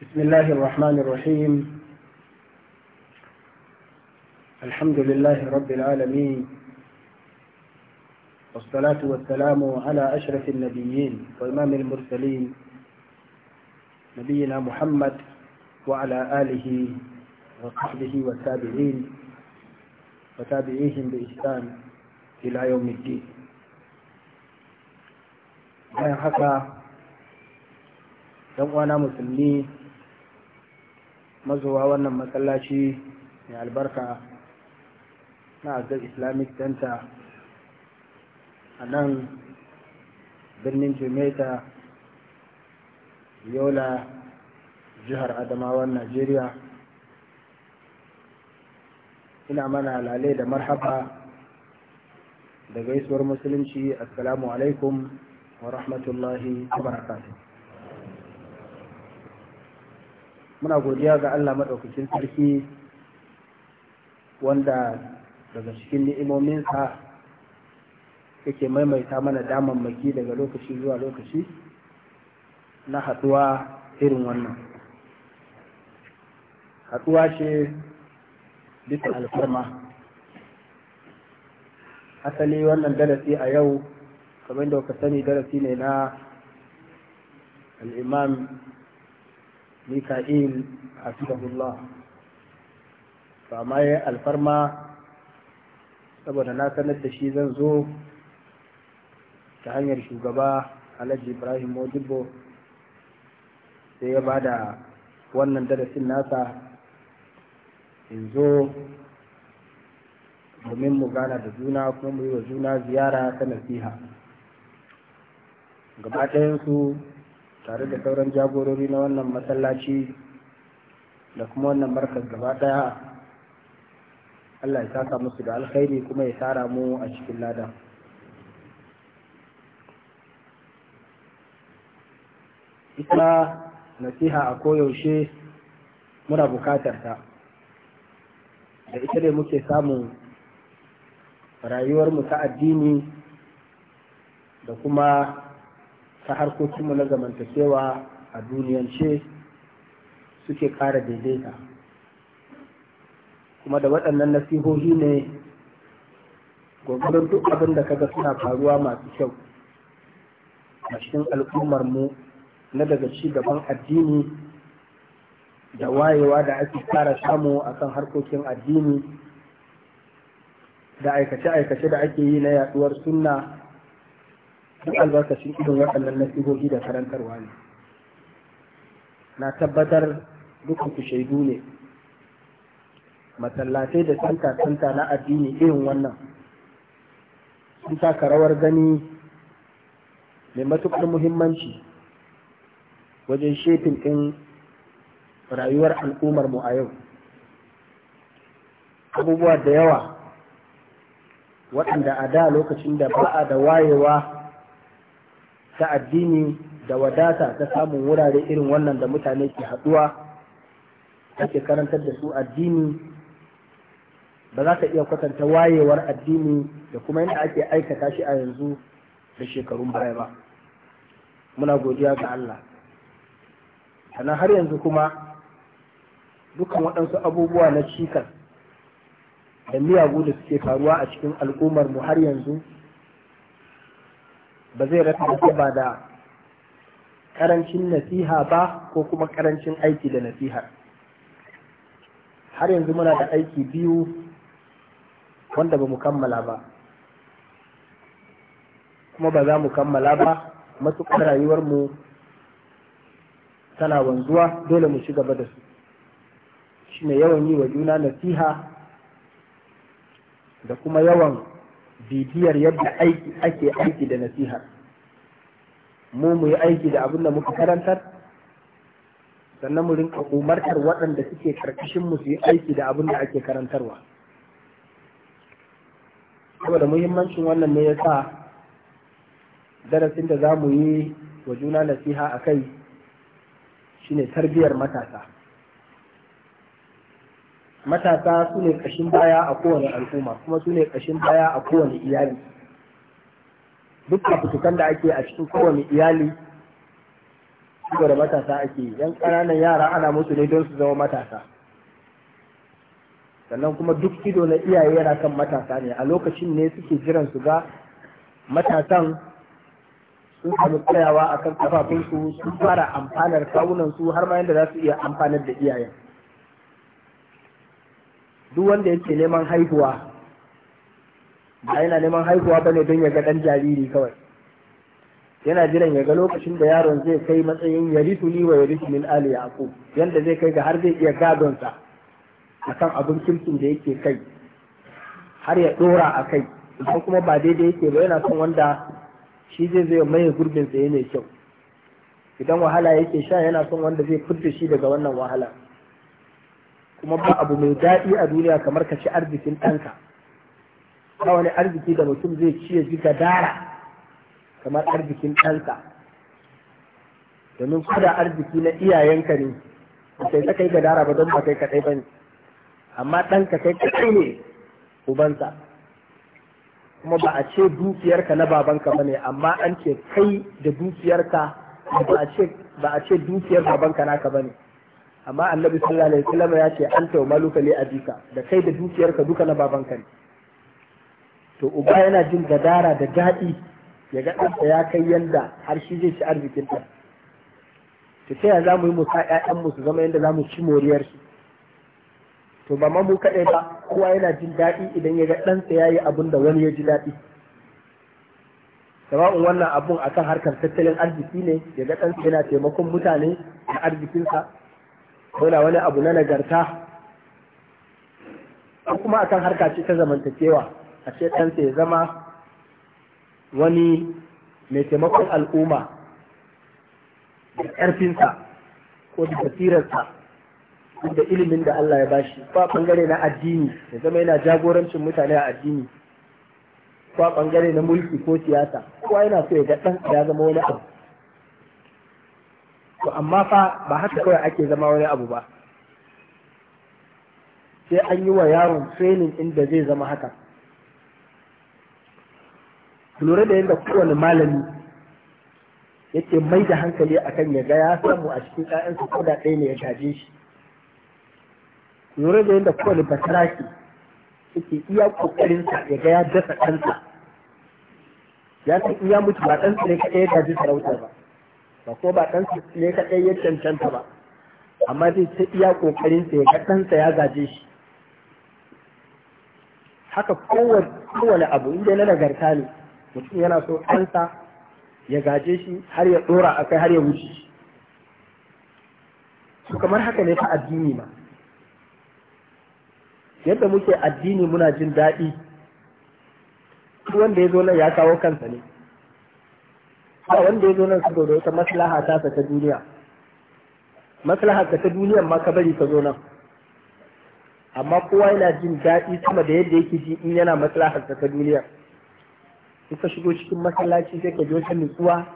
بسم الله الرحمن الرحيم الحمد لله رب العالمين والصلاة والسلام على أشرف النبيين وإمام المرسلين نبينا محمد وعلى آله وصحبه والتابعين وتابعيهم بإحسان إلى يوم الدين bayan haka ɗan أنا مسلمين mazuwa wannan masallaci mai albarka na azar islamic center a nan birnin jimeta yola jihar adamawan najeriya ina mana lalai da marhaba da gaisuwar musulunci assalamu alaikum wa rahmatullahi wa barakatuh muna godiya ga Allah maɗaukakin sarki wanda daga cikin ni'imominsa yake maimaita mana damammaki daga lokaci zuwa lokaci na haɗuwa irin wannan haɗuwa ce bisa alfarma asali wannan darasi a yau kamar da ka sani darasi ne na al'imam mika'il hafizahullah to amma ya alfarma saboda na sanar da shi zan zo ta hanyar shugaba alhaji ibrahim modibo sai ya ba da wannan darasin nasa in zo domin mu gana da juna kuma mu yi wa juna ziyara ta nasiha gaba su tare da sauran jagorori na wannan masallaci da kuma wannan markaz gaba daya Allah ya saka musu da alkhairi kuma ya tara mu a cikin lada ita nasiha a koyaushe muna bukatar ta da ita ne muke samun mu ta addini da kuma ta mu na zamantakewa a duniyance suke ƙara daidaita kuma da waɗannan nasihohi ne gwagwarin duk abin da kaga suna faruwa masu kyau a cikin mu na daga ci gaban addini da wayewa da ake fara samu a kan harkokin addini da aikace-aikace da ake yi na yaduwar sunna duk albarkacin irin waɗannan nasihohi da karantarwa ne na tabbatar dukkan ku shaidu ne masallatai da santa-santa na addini irin wannan sun taka rawar gani mai matukar muhimmanci wajen shefin ɗin rayuwar al'ummar mu a yau abubuwa da yawa waɗanda a da lokacin da ba a da wayewa ta addini da wadata ta samun wurare irin wannan da mutane ke haɗuwa ake karantar da su addini ba za ka iya kwatanta wayewar addini da kuma yadda ake aikata shi a yanzu da shekarun baya ba muna godiya ga Allah sannan har yanzu kuma dukkan waɗansu abubuwa na cikas da miyagu da suke faruwa a cikin al'ummar mu har yanzu ba zai rasa ba da karancin nasiha ba ko kuma karancin aiki da nasihar har yanzu muna da aiki biyu wanda ba mu kammala ba kuma ba za mu kammala ba matuƙar rayuwarmu tana wanzuwa dole mu ci gaba da su shi ne yawan yi wa juna nasiha da kuma yawan bibiyar yadda ake aiki da nasiha, mu mu yi aiki da abin da muka karantar sannan mu rinka umartar waɗanda suke karkashin mu su yi aiki da abin da ake karantarwa saboda muhimmancin wannan ne ya sa darasin da za mu yi wa juna nasiha a kai shine tarbiyar matasa matasa su ne ƙashin baya a kowane al'umma kuma su ne ƙashin baya a kowane iyali duk fitukan da ake a cikin kowane iyali da matasa ake yan ƙananan yara ana musu ne don su zama matasa sannan kuma duk ido na iyaye yana kan matasa ne a lokacin ne suke jiran su ga matasan sun samu tsayawa a kan kafafunsu sun fara amfanar kawunan su har ma yadda za su iya amfanar da iyayen duk wanda yake neman haihuwa ba yana neman haihuwa ba ne don ya ga dan jariri kawai yana jiran ya ga lokacin da yaron zai kai matsayin ya ritu ni wa ya min ali yaqub yanda zai kai ga har zai iya gadonsa a kan abin kimkin da yake kai har ya ɗora a kai idan kuma ba daidai yake ba yana son wanda shi zai zai maye gurbin sa yana kyau idan wahala yake sha yana son wanda zai furta shi daga wannan wahala kuma ba abu mai daɗi a duniya kamar ka ci arzikin ɗanka ba wani arziki da mutum zai ci ya ji gadara kamar arzikin ɗanka domin kada arziki na iyayenka ne ba sai ta kai gadara ba don ba kai kaɗai ba ne amma ɗanka kai kaɗai ne ubansa kuma ba a ce dukiyarka na babanka ba ne amma an ce kai da dukiyarka ba a ce dukiyar babanka naka ba ne amma annabi sallallahu alaihi wasallam ya ce an wa maluka li abika da kai da dukiyarka duka na babanka ne to uba yana jin gadara da daɗi ya ga ɗansa ya kai yanda har shi zai ci arzikin ɗan to sai za mu yi mu sa mu su zama yanda za mu ci moriyar su to ba ma mu kaɗai ba kowa yana jin daɗi idan ya ga ɗansa ya yi abin da wani ya ji daɗi sawa'un wannan abun akan harkar tattalin arziki ne ya ga ɗansa yana taimakon mutane a arzikinsa na wani abu na nagarta kuma akan harka ce ta zamantakewa a ce ɗansa ya zama wani mai taimakon al'umma da ƙarfinsa ko da basirarsa da ilimin da Allah ya bashi ba bangare na addini ya zama yana jagorancin mutane a addini ba bangare na mulki ko siyasa kowa yana so ya ga ɗan ya zama wani abu to amma fa ba haka kawai ake zama wani abu ba sai an yi wa yaron training inda zai zama haka lura da yadda kowane malami yake mai da hankali akan ya ga ya samu a cikin ƴaƴansa ko da ɗaya ne ya gaje shi lura da yadda kowane basaraki yake iya ƙoƙarinsa ya ga ya dasa ɗansa ya san iya mutu ba ɗansa ne kaɗai ya gaji sarautar ba ba ko ba ɗansa ne kaɗai ya cancanta ba amma zai ta iya ƙoƙarin ya ga ɗansa ya gaje shi haka kowane abu inda na nagarta ne mutum yana so ɗansa ya gaje shi har ya ɗora a kai har ya wuce shi su kamar haka ne fa addini ma yadda muke addini muna jin daɗi wanda ya zo nan ya kawo kansa ne ba wanda ya zo nan su saboda wata maslaha ta ta duniya maslaha ta duniyar ma ka bari ka zo nan amma kowa yana jin daɗi sama da yadda yake ji in yana maslaha ta duniya in ka shigo cikin masallaci sai ka ji wata nutsuwa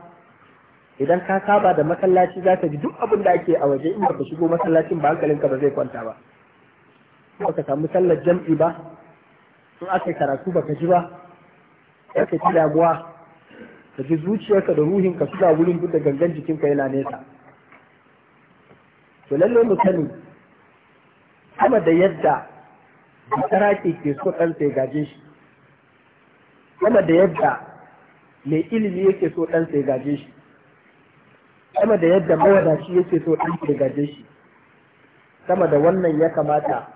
idan ka saba da masallaci za ka ji duk abin da ake a waje in ba ka shigo masallacin ba hankalinka ba zai kwanta ba ba ka samu sallar jam'i ba in aka karatu ba ka ji ba ya ka ci damuwa tafi zuciyarka da ruhinka suna wurin duk da gangan jikinka yana nesa to lalle mu sani sama da yadda basarake ke so ɗan ya gaje shi sama da yadda mai ilimi yake so ɗan ya gaje shi sama da yadda mawadaci yake so ɗan ya gaje shi sama da wannan ya kamata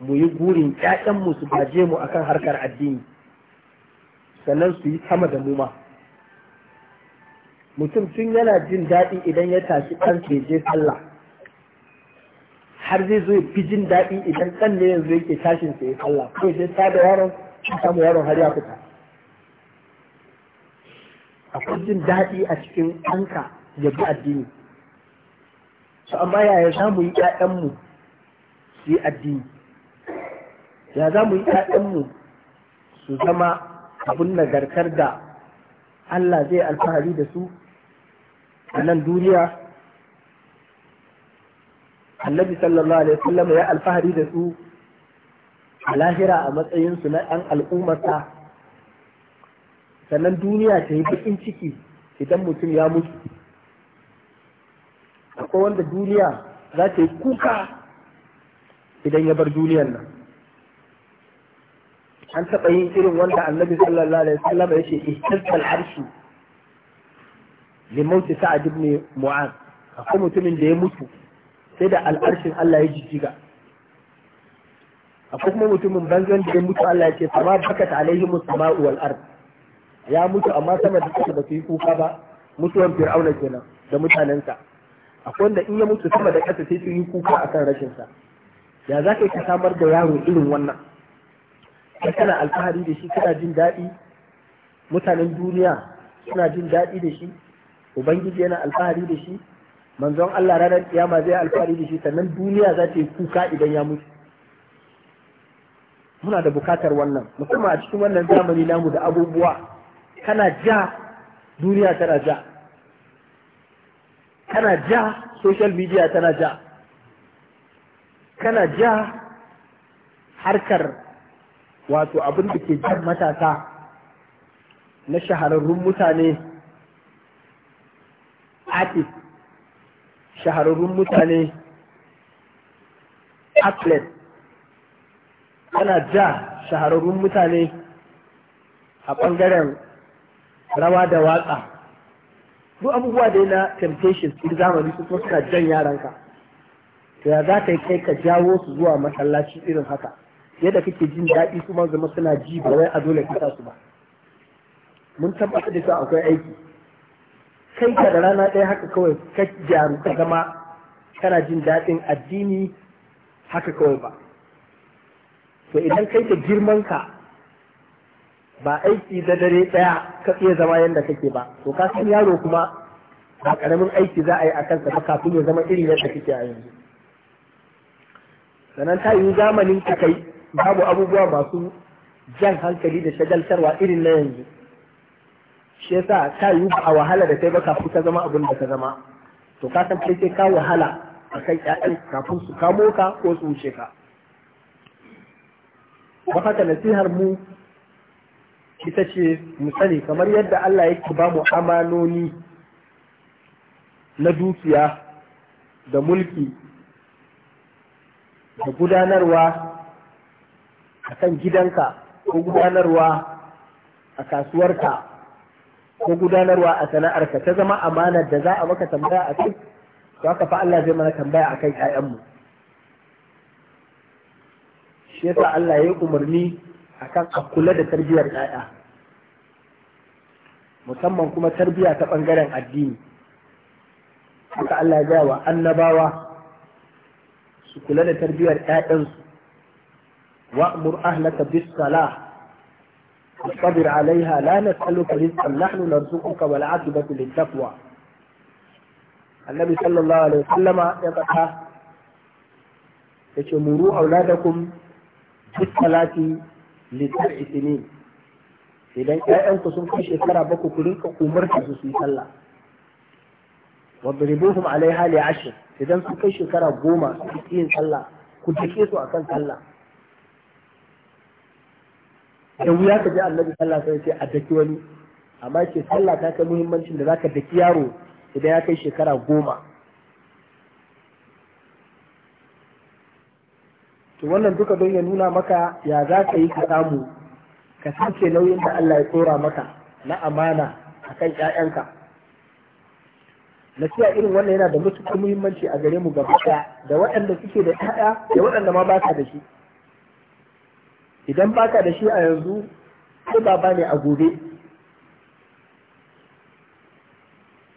mu yi gurin ƴaƴanmu su gaje mu akan harkar addini sannan su yi sama da mu ma mutum tun yana jin daɗi idan ya tashi ɗan je sallah har zai zo ya fi jin daɗi idan ɗan ne yanzu yake tashin sa ya sallah ko sai ta da yaron ya samu yaron har ya fita akwai jin daɗi a cikin ɗanka ya bi addini su amma yaya za mu yi ‘ya'yanmu su yi addini ya za mu yi ‘ya'yanmu su zama abin nagartar da Allah zai alfahari da su a nan duniya annabi sallallahu alaihi wasallam ya alfahari da su a lahira a matsayinsu na ɗan al'ummarsa sannan duniya ta yi bakin ciki idan mutum ya mutu akwai wanda duniya za ta yi kuka idan ya bar duniyar nan an taɓa yin irin wanda annabi sallallahu alaihi wasallam ya ce ihtasal arshi li mauti sa'ad ibn mu'az akwai mutumin da ya mutu sai da al'arshin Allah ya jijjiga akwai kuma mutumin banzan da ya mutu Allah ya ce sama bakat alaihi musama'u wal ard ya mutu amma sama da kasa ba su yi kuka ba mutuwan fir'auna kenan da mutanensa akwai wanda in ya mutu sama da kasa sai su yi kuka akan rashin sa ya za ka samar da yaro irin wannan kai kana alfahari da shi kana jin daɗi mutanen duniya suna jin daɗi da shi ubangiji yana alfahari da shi manzon Allah ranar kiyama zai alfahari da shi sannan duniya za ta yi kuka idan ya mutu muna da bukatar wannan musamman a cikin wannan zamani namu da abubuwa kana ja duniya tana ja kana ja social media tana ja kana ja harkar wato abin da ke jan matasa na shahararrun mutane ake shahararrun mutane athlete ana ja shahararrun mutane a ɓangaren rawa da watsa duk abubuwa dai na temptations in zamani su suna jan yaranka to ya za ka yi kai ka jawo su zuwa masallaci irin haka yadda kake jin daɗi su ma zama suna ji ba wai a dole ka su ba mun tabbata da su akwai aiki kai ka da rana ɗaya haka kawai ka gyaru ka zama kana jin daɗin addini haka kawai ba to idan kai da girman ka ba aiki da dare ɗaya ka iya zama yadda kake ba to ka san yaro kuma ba karamin aiki za a yi a kansa ba kafin ya zama irin yadda kake a yanzu sannan ta yi zamanin ka kai babu abubuwa masu jan hankali da shagaltarwa irin na yanzu shi yasa ka yi a wahala da kai ba kafin ka zama abin da ka zama to ka san kai ka wahala a kan ƴaƴan kafin su kamo ka ko su wuce ka ba haka nasihar mu ita ce mu sani kamar yadda Allah yake ba mu amanoni na dukiya da mulki da gudanarwa a kan gidanka ko gudanarwa a kasuwarka ko gudanarwa a sana'arka ta zama amanar da za a maka tambaya a kai za ka fa Allah zai mana tambaya a kai ƴaƴanmu shi yasa Allah ya yi umarni akan a kula da tarbiyyar ƴaƴa musamman kuma tarbiyya ta ɓangaren addini haka Allah ya wa annabawa su kula da tarbiyyar ƴaƴansu وأمر أهلك بالصلاة واصطبر عليها لا نسألك رزقا نحن نرزقك والعاقبة للتقوى النبي صلى الله عليه وسلم يقول تشمروا أولادكم بالصلاة لسبع سنين idan ƴaƴanku sun kai shekara bako ku rinka umarta su su sallah wadribuhum alaiha li ashr idan sun kai shekara goma su yi sallah ku dake su akan sallah da wuya ka ji annabi sallah sai ce a daki wani amma ce sallah ta kai muhimmancin da zaka daki yaro idan ya kai shekara goma to wannan duka don ya nuna maka ya za ka yi ka samu ka sace nauyin da Allah ya tsora maka na amana a kan ‘ya'yanka nasiha irin wannan yana da matuƙar muhimmanci a gare mu gaba da waɗanda suke da ‘ya'ya da waɗanda ma ba da shi idan baka da shi a yanzu ko baba ne a gobe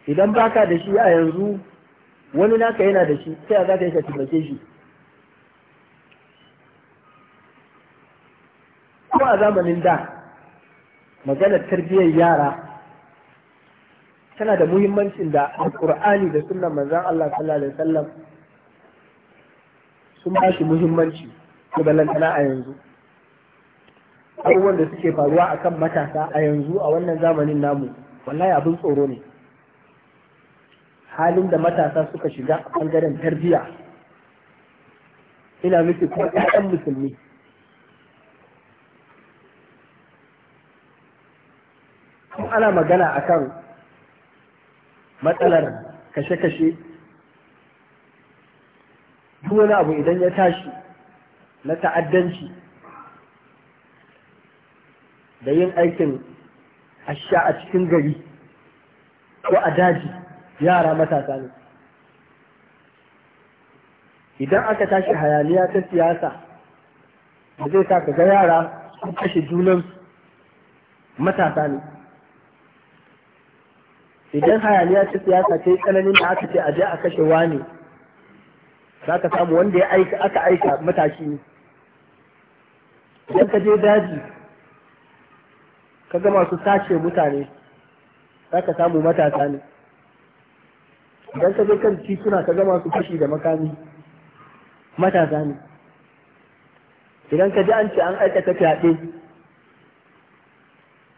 idan baka da shi a yanzu wani naka yana da shi sai za ka yi ka shi ko a zamanin da maganar tarbiyyar yara tana da muhimmancin da alƙur'ani da sunan manzan Allah sallallahu alaihi wasallam sun ba shi muhimmanci ko balantana a yanzu abubuwan da suke faruwa a kan matasa a yanzu a wannan zamanin namu wallahi abin tsoro ne halin da matasa suka shiga a ɓangaren tarbiyya ina miki kuma ɗan musulmi kuma ana magana a kan matsalar kashe-kashe duk wani abu idan ya tashi na ta'addanci da yin aikin asha a cikin gari ko a daji yara matasa ne idan aka tashi hayaniya ta siyasa da zai sa ga yara sun kashe junan matasa ne idan hayaniya ta siyasa ta yi tsananin da aka ce a je a kashe wani za ka samu wanda ya aika aka aika matashi ne idan ka je daji kaga masu sace mutane za ka samu matasa ne idan ka je kan tituna ka zama su fashi da makami matasa ne idan ka ji an ce an aikata fyaɗe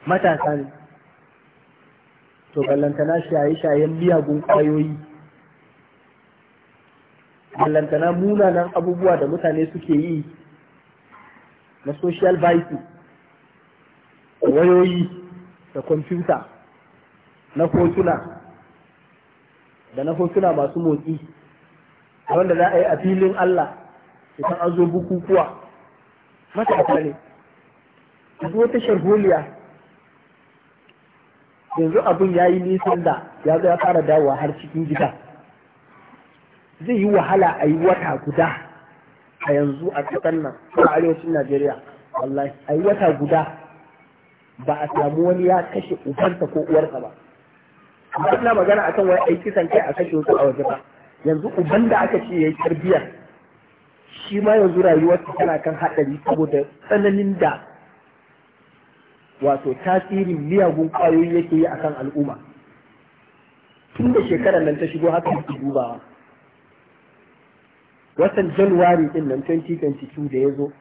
matasa ne to ballantana shaye-shayen miyagun ƙwayoyi ballantana munanan abubuwa da mutane suke yi na social vices wayoyi da kwamfuta na hotuna da na hotuna masu motsi wanda za a yi a filin Allah idan an zo bukukuwa matasa ne duk wata sharholiya yanzu abin ya yi nisan da ya zo ya fara dawowa har cikin gida zai yi wahala a yi wata guda a yanzu a ƙasar nan a arewacin Najeriya wallahi a yi wata guda ba a samu wani ya kashe ubansa ko uwarsa ba amma ina magana akan wai ai kisan kai a kashe wasu a waje ba yanzu uban da aka ce yayi tarbiyya shi ma yanzu rayuwarsa tana kan haɗari saboda tsananin da wato tasirin miyagun ƙwayoyi yake yi akan al'umma tun da shekarar nan ta shigo haka yake dubawa watan januwari din nan 2022 da ya zo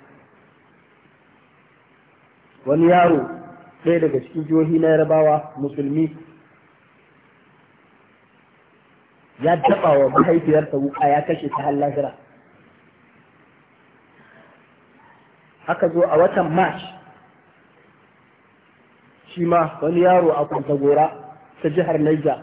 wani yaro ɗaya daga cikin jihohi na yarabawa musulmi ya taɓa wa mahaifiyarsa wuƙa ya kashe ta har lahira aka zo a watan march shi ma wani yaro a kwantagora ta jihar Naija,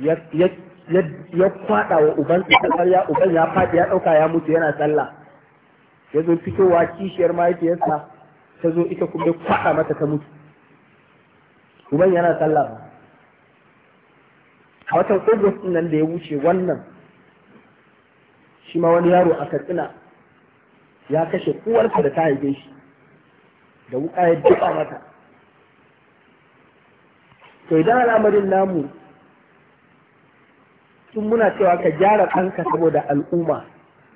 ya kwada wa uban tsakar uban ya faɗi ya ɗauka ya mutu yana sallah ya zo fitowa kishiyar mahaifiyarsa ta zo ita kuma ya kwaɗa mata ta mutu uban yana sallah ba a watan august nan da ya wuce wannan shi ma wani yaro a katsina ya kashe uwarsa da ta haife shi da wuka ya duka mata to idan al'amarin namu tun muna cewa ka gyara ɗanka saboda al'umma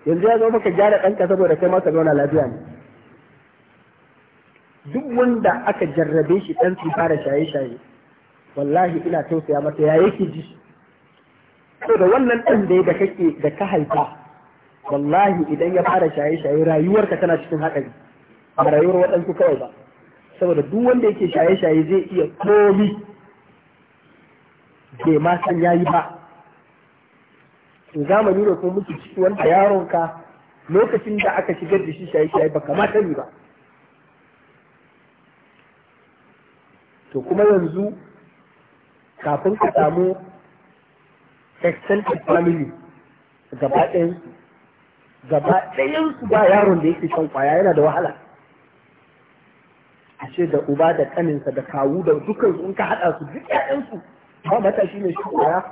yanzu ya zo ka gyara ɗanka saboda kai masa zauna lafiya ne duk wanda aka jarrabe shi ɗan tsifa da shaye-shaye wallahi ina tausaya masa ya yake ji to da wannan ɗan da da kake da ka haifa wallahi idan ya fara shaye-shaye rayuwarka tana cikin haɗari ba rayuwar waɗansu kawai ba saboda duk wanda yake shaye-shaye zai iya komi bai ma san ya yi ba to zamani ne ko muke ciki wanda yaronka lokacin da aka shigar da shi shaye-shaye ba kamata yi ba to kuma yanzu kafin ka samu extended family gaba ɗayansu gaba ɗayansu ba yaron da yake shan kwaya yana da wahala a ce da uba da kaninsa da kawu da dukkan su in ka haɗa su duk ƴaƴansu ba matashi ne shi kwaya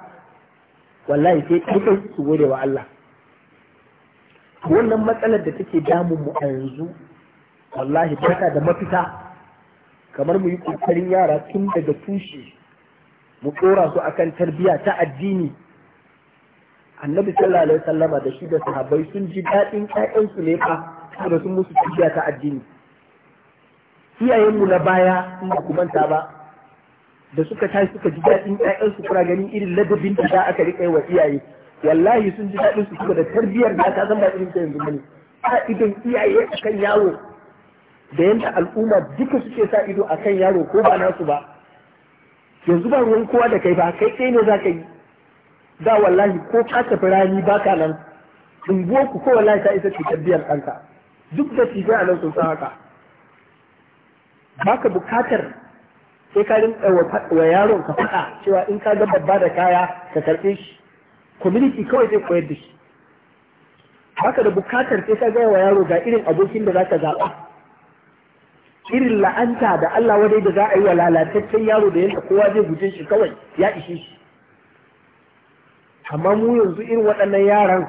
wallahi sai dukkan su gode wa Allah wannan matsalar da take damun mu a yanzu wallahi barka da mafita kamar mu yi ƙoƙarin yara tun daga tushe mu ɗora su akan tarbiyya ta addini annabi sallallahu alaihi wasallama da shi da sahabbai sun ji daɗin su ne fa saboda sun musu tarbiyya ta addini iyayenmu na baya in ba ku manta ba da suka tashi suka ji daɗin su kuna ganin irin ladabin da aka riƙa wa iyaye wallahi sun ji daɗin su saboda tarbiyyar da ta zama irin ta yanzu ne a idan iyaye kan yawo da yanda al'umma duka suke sa ido a kan yaro ko ba nasu ba yanzu ba ruwan kowa da kai ba kai kai ne za ka yi da wallahi ko ka tafi rani ba ka nan unguwar ku ko wallahi ta isa cutar biyan ɗanka duk da cikin a nan sun san haka ba ka bukatar sai ka rinka wa yaron ka faɗa cewa in ka ga babba da kaya ka karɓe shi community kawai zai koyar da shi Ba ka da bukatar sai ka gaya wa yaro ga irin abokin da za ka zaɓa irin la'anta da Allah wadai da za a yi wa lalataccen yaro da yanda kowa zai guje shi kawai ya ishe shi amma mu yanzu irin waɗannan yaran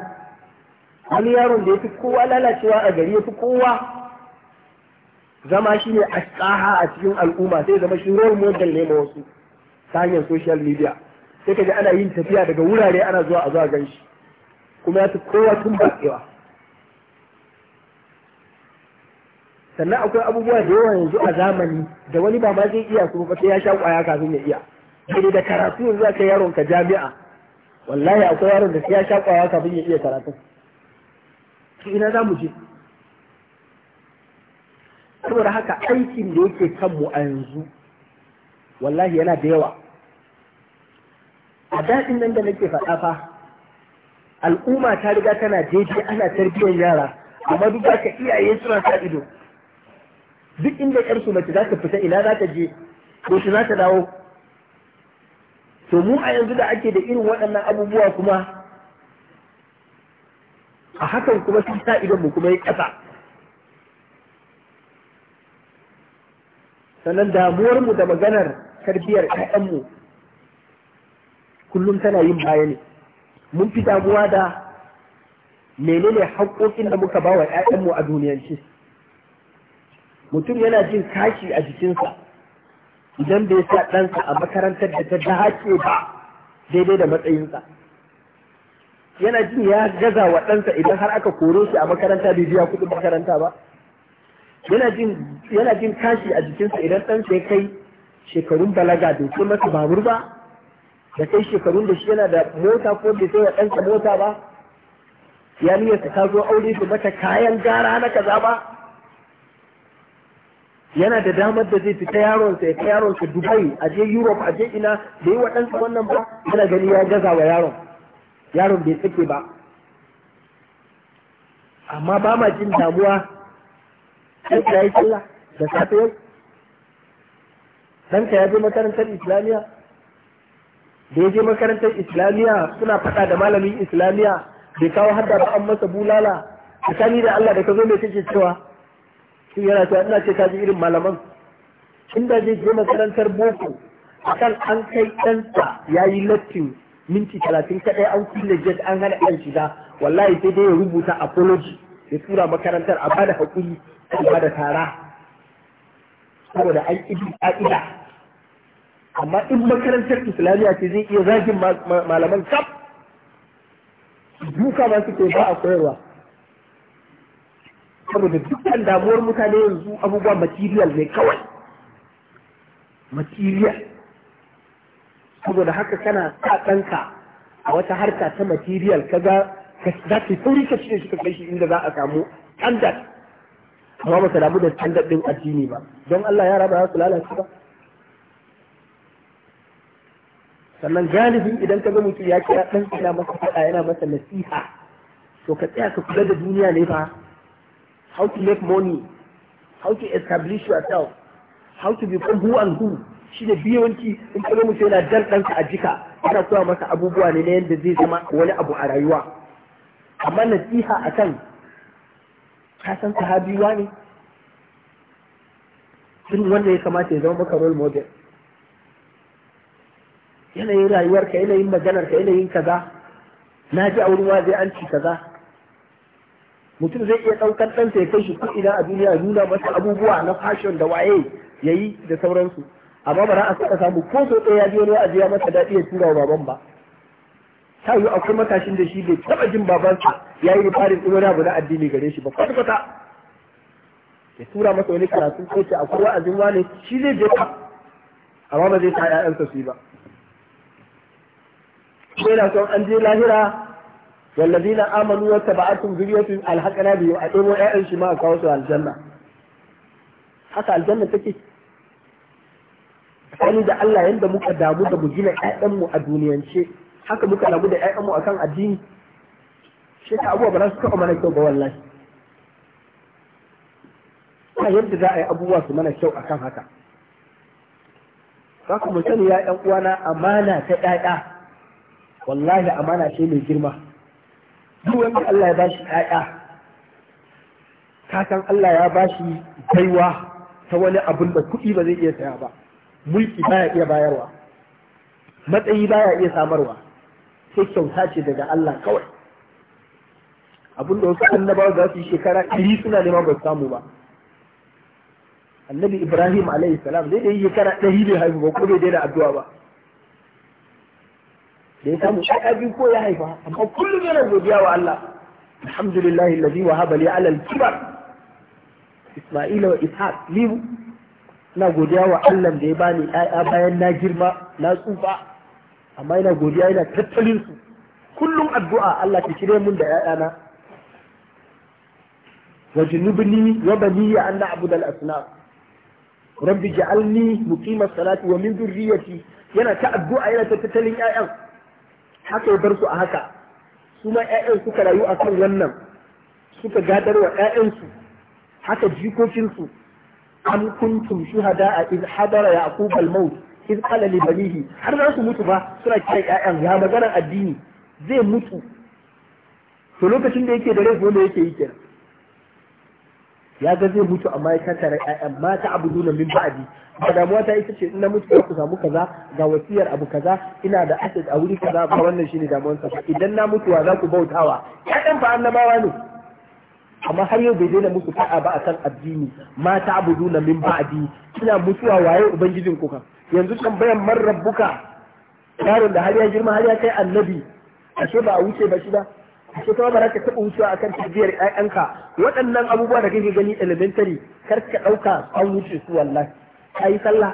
wani yaron da ya fi kowa lalacewa a gari ya fi kowa zama shi ne a tsaha a cikin al'umma sai zama shi role model ne ma wasu ta hanyar social media sai ka ji ana yin tafiya daga wurare ana zuwa a zuwa gan shi kuma ya fi kowa tun ba sannan akwai abubuwa da yawa yanzu a zamani da wani ba ma zai iya su ba sai ya sha kwaya kafin ya iya sai da karatu yanzu aka yaron ka jami'a wallahi akwai yaron da sai ya sha kwaya kafin ya iya karatu to ina za mu je saboda haka aikin da yake kanmu a yanzu wallahi yana da yawa a daɗin nan da nake faɗa fa al'umma ta riga tana daidai ana tarbiyyar yara amma duk da ka iyaye suna sa ido duk inda ƴar su mace za ta fita ina za ta je ko shi za ta dawo to mu a yanzu da ake da irin waɗannan abubuwa kuma a hakan kuma sun sa idan mu kuma ya ƙasa sannan damuwar mu da maganar tarbiyyar mu kullum tana yin baya ne mun fi damuwa da menene haƙoƙin da muka ba wa ƴaƴanmu a duniyance mutum yana jin kashi a jikinsa idan bai sa ɗansa a makarantar da ta dace ba daidai da matsayinsa yana jin ya gaza wa ɗansa idan har aka koro shi a makaranta bai biya kuɗin makaranta ba yana jin kashi a jikinsa idan ɗansa ya kai shekarun balaga bai kai masa babur ba da kai shekarun da shi yana da mota ko bai sai wa ɗansa mota ba ya niyyarsa ta zo aure su mata kayan gara na kaza ba yana da damar da zai fita yaronsa ya kai yaronsa dubai a je europe a je ina da yi waɗansu wannan ba yana gani ya gaza wa yaron yaron bai tsake ba amma ba ma jin damuwa sai ka yi sallah da safe yau ɗanka ya je makarantar islamiyya da ya je makarantar islamiyya suna faɗa da malamin islamiyya bai kawo hadda ba an masa bulala tsakani da Allah da ka zo mai kake cewa shi yana cewa ina ce ta ji irin malaman in da zai je makarantar boko a kan an kai ɗansa ya yi lattin minti talatin kaɗai an kulle jet an hana ɗan shiga wallahi sai dai ya rubuta apology ya tura makarantar a bada haƙuri a bada tara saboda an ƙi ƙa'ida amma in makarantar islamiyya ce zai iya zagin malaman kaf duka ba su ke ba a koyarwa saboda dukkan damuwar mutane yanzu abubuwa material ne kawai material saboda haka kana sa ɗanka a wata harka ta material ga za ka sauri ka cire shi ka kai shi inda za a samu standard amma ba ka damu da standard ɗin addini ba don Allah yara ba za su lalace ba sannan galibin idan ka ga mutum ya kira ɗan yana masa faɗa yana masa nasiha to ka tsaya ka kula da duniya ne fa how to make money, how to establish yourself, how to become who and who. Shi da wanki in kuma mutu yana jan ɗansa a jika, ana koya masa abubuwa ne na yadda zai zama wani abu a rayuwa. Amma nasiha a kan, ka san sahabiwa ne? Tun wanda ya kamata ya zama maka role model. Yanayin rayuwarka, yanayin maganarka, yanayin kaza, na ji a wurin wa zai an ci kaza, mutum zai iya ɗaukar ɗansa ya kai shi ko ina a duniya nuna masa abubuwa na fashion da waye ya yi da sauransu amma ba za a saka samu ko so ɗaya ya ne wani jiya masa daɗi ya tura wa baban ba ta yi akwai matashin da shi bai taɓa jin babansa ya yi farin ɗin wani abu na addini gare shi ba kwata-kwata ya tura masa wani karatu ko ce akwai wa'azin wane shi zai je ba amma ba zai sa ƴaƴansa su yi ba. Ko yana son an je lahira wallazina amanu wa taba'atun zuriyatun alhaqana bi a ɗebo ƴaƴan shi ma kawo su aljanna haka aljanna take wani da Allah yanda muka damu da mu gina ƴaƴanmu a duniyance haka muka damu da ƴaƴanmu akan addini shi ta abubuwa ba za su taɓa mana kyau ba wallahi ba yadda za a yi abubuwa su mana kyau akan haka za ku mu sani ya ƴan uwana amana ta ƴaƴa wallahi amana ce mai girma duk wanda Allah ya bashi ƴaƴa ka Allah ya bashi kaiwa ta wani abin da kuɗi ba zai iya saya ba mulki baya iya bayarwa matsayi baya iya samarwa sai kyauta ce daga Allah kawai abin da wasu annabawa za su yi shekara ɗari suna neman ba su samu ba annabi ibrahim alayhi salam zai yi shekara ɗari bai haihu ba ko bai daina addu'a ba da ya samu ƴaƴa biyu ko ya haifa amma kullum yana godiya wa Allah alhamdulillahi allazi wahaba li ala kibar Isma'ila wa Ishaq libu ina godiya wa Allah da ya bani ƴaƴa bayan na girma na tsufa amma ina godiya ina tattalin su kullum addu'a Allah ki kire mun da ƴaƴana وجنبني وبني أن أعبد الأصنام رب اجعلني مقيم الصلاة ومن ذريتي yana ta addu'a yana ta tattalin ƴaƴan haka ya bar su a haka su ma 'ya'yan suka rayu a kan wannan suka gadar wa 'ya'yansu haka jikokinsu an kuntum shuhada a iz hadara ya al maut in qala li har za su mutu ba suna kira 'ya'yan ya maganar addini zai mutu to lokacin da yake da rai da yake yi kenan ya ga zai mutu amma ya tattara ƴaƴan ma ta abu nuna min ba'adi ba damuwa ta ita ce ina mutu ku samu kaza ga wasiyar abu kaza ina da asad a wuri kaza ba wannan shine damuwar sa idan na mutu mutuwa za ku bautawa ƴaƴan fa annabawa ne amma har yau bai daina musu fa'a ba akan addini ma ta abu nuna min ba'adi ina mutuwa waye ubangijin ku ka yanzu tambayan man rabbuka yaron da har ya girma har ya kai annabi ashe ba a wuce ba shi ba ashe kuma ba za ka taɓa wucewa akan tarbiyyar ƴaƴanka waɗannan abubuwa da kake gani elementary kar ka ɗauka an wuce su wallahi ka yi sallah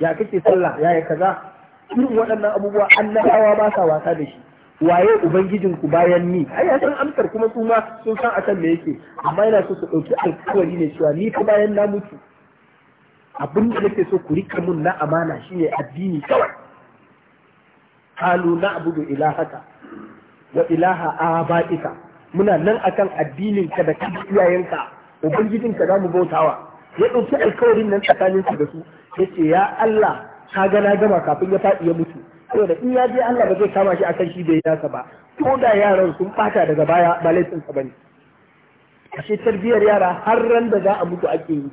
ya kake sallah ya yi kaza irin waɗannan abubuwa annabawa ba sa wasa da shi waye ubangijinku bayan ni ai ya san amsar kuma su ma sun san akan me yake amma yana so su ɗauki alƙawari ne cewa ni fa bayan na mutu abin da nake so ku rika mun na amana shine addini kawai qalu na'budu ilahaka wa ilaha abaika muna nan akan addinin ka da kan iyayenka ubangijin ka zamu bautawa ya dauki alkawarin nan tsakanin su da su yace ya Allah ka ga na gama kafin ya faɗi ya mutu saboda in ya je Allah ba zai kama shi akan shi bai yasa ba ko da yaran sun bata daga baya ba laifin sa bane ashe tarbiyyar yara har ran da za a mutu ake yi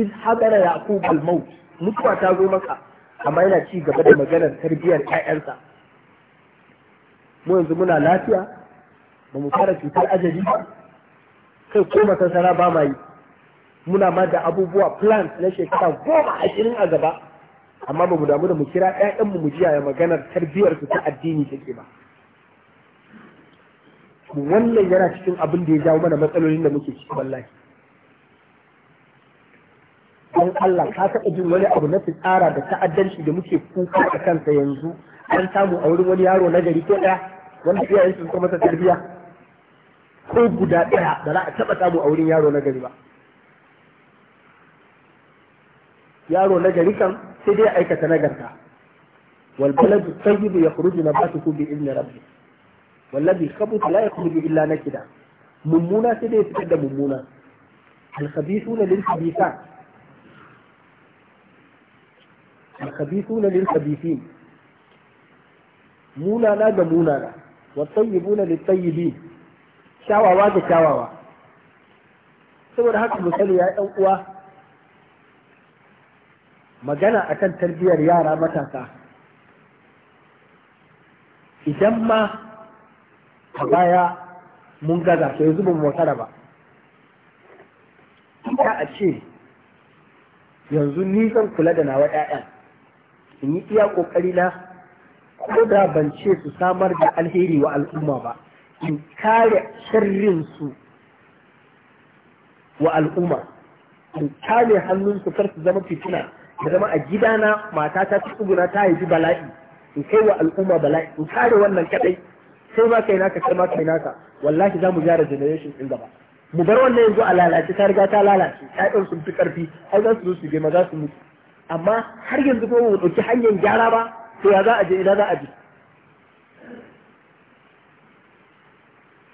iz hadara yaqub al maut mutuwa ta zo maka amma yana ci gaba da maganar tarbiyyar ƴaƴansa mu yanzu muna lafiya ba mu fara cutar ajali ba kai ko masasara ba ma yi muna ma da abubuwa plan na shekara goma ashirin a gaba amma ba mu damu da mu kira ƴaƴanmu mu jiya maganar tarbiyyar su ta addini take ba wannan yana cikin abin da ya jawo mana matsalolin da muke ciki wallahi an Allah ka taɓa jin wani abu na fitsara da ta'addanci da muke kuka a kansa yanzu an samu a wurin wani yaro na gari ko ɗaya wanda iyayen su masa tarbiyya ko guda ɗaya da za a taɓa samu a wurin yaro na gari ba yaro na gari kan sai dai aikata nagarta wal baladu tayyibu yakhruju nabatuhu bi idni rabbi ladhi khabutha la yakhruju illa nakida mummuna sai dai fitar da mummuna al khabithuna lil khabithat الخبيثون للخبيثين munana ga munana wa tayyibuna lit tayyibin shawawa ga shawawa saboda haka misali ya ɗan uwa magana akan tarbiyyar yara matasa idan ma a baya mun gaza to yanzu ba mu makara ba a ce yanzu ni zan kula da nawa 'ya'yan in yi iya ƙoƙari na ko da ban ce su samar da alheri wa al'umma ba in kare sharrin su wa al'umma in kame hannun su kar su zama fitina da zama a gidana matata ta tsuguna ta haifi bala'i in kai wa al'umma bala'i in kare wannan kadai sai ma kai naka sai ma kai naka wallahi za mu gyara generation din gaba mu bar wannan yanzu a lalace ta riga ta lalace ƴaƴan sun fi ƙarfi ai za su zo su je za su mutu amma har yanzu ko mu ɗauki hanyar gyara ba to ya za a je ina za a je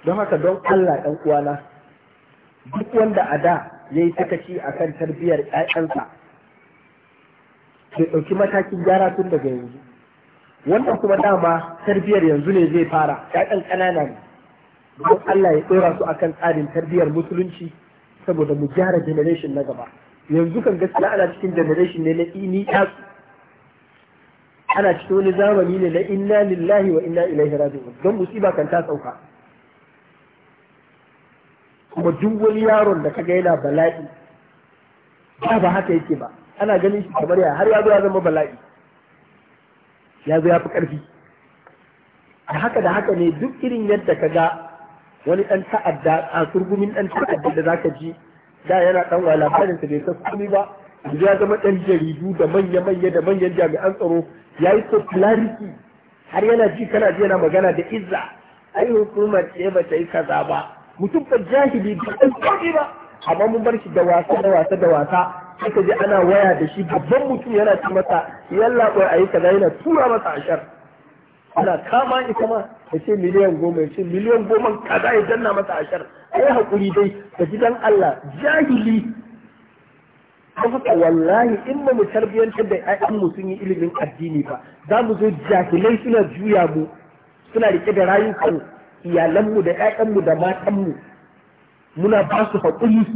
don haka don Allah ɗan uwana duk wanda a da ya yi sakaci a kan tarbiyyar ƴaƴansa ke ɗauki matakin gyara tun daga yanzu wannan kuma dama tarbiyyar yanzu ne zai fara ƴaƴan ƙanana ne don Allah ya tsora su akan tsarin tarbiyyar musulunci saboda mu gyara generation na gaba yanzu kan gaskiya ana cikin generation ne na ini su ana cikin wani zamani ne na inna lillahi wa inna ilaihi raji'un don musiba kan ta sauka kuma duk wani yaron da kaga yana bala'i ba ba haka yake ba ana ganin shi kamar ya har ya zo ya zama bala'i ya zo ya fi karfi a haka da haka ne duk irin yadda ka ga wani ɗan ta'adda a surgumin ɗan ta'adda da za ka ji da yana dan wa labarin sa bai san komi ba yanzu ya zama dan jaridu da manya manya da manyan jami'an tsaro ya yayi popularity har yana ji kana ji yana magana da izza ai hukumar ce ba ta yi kaza ba mutum ba jahili ba ɗan komai ba amma mun bar shi da wasa da wasa da wasa aka je ana waya da shi babban mutum yana ci masa yalla ko ayi kaza yana tura masa ashar ana kama ita ma ya ce miliyan goma ya ce miliyan goma kaza ya danna masa ashar yi hakuri dai da gidan dan Allah jahili wallahi in ba mu tarbiyantar da ai mu sun yi ilimin addini ba za mu zo jahilai suna juya mu suna rike da rayukan iyalanmu da ƴaƴanmu da matanmu muna ba su haƙuri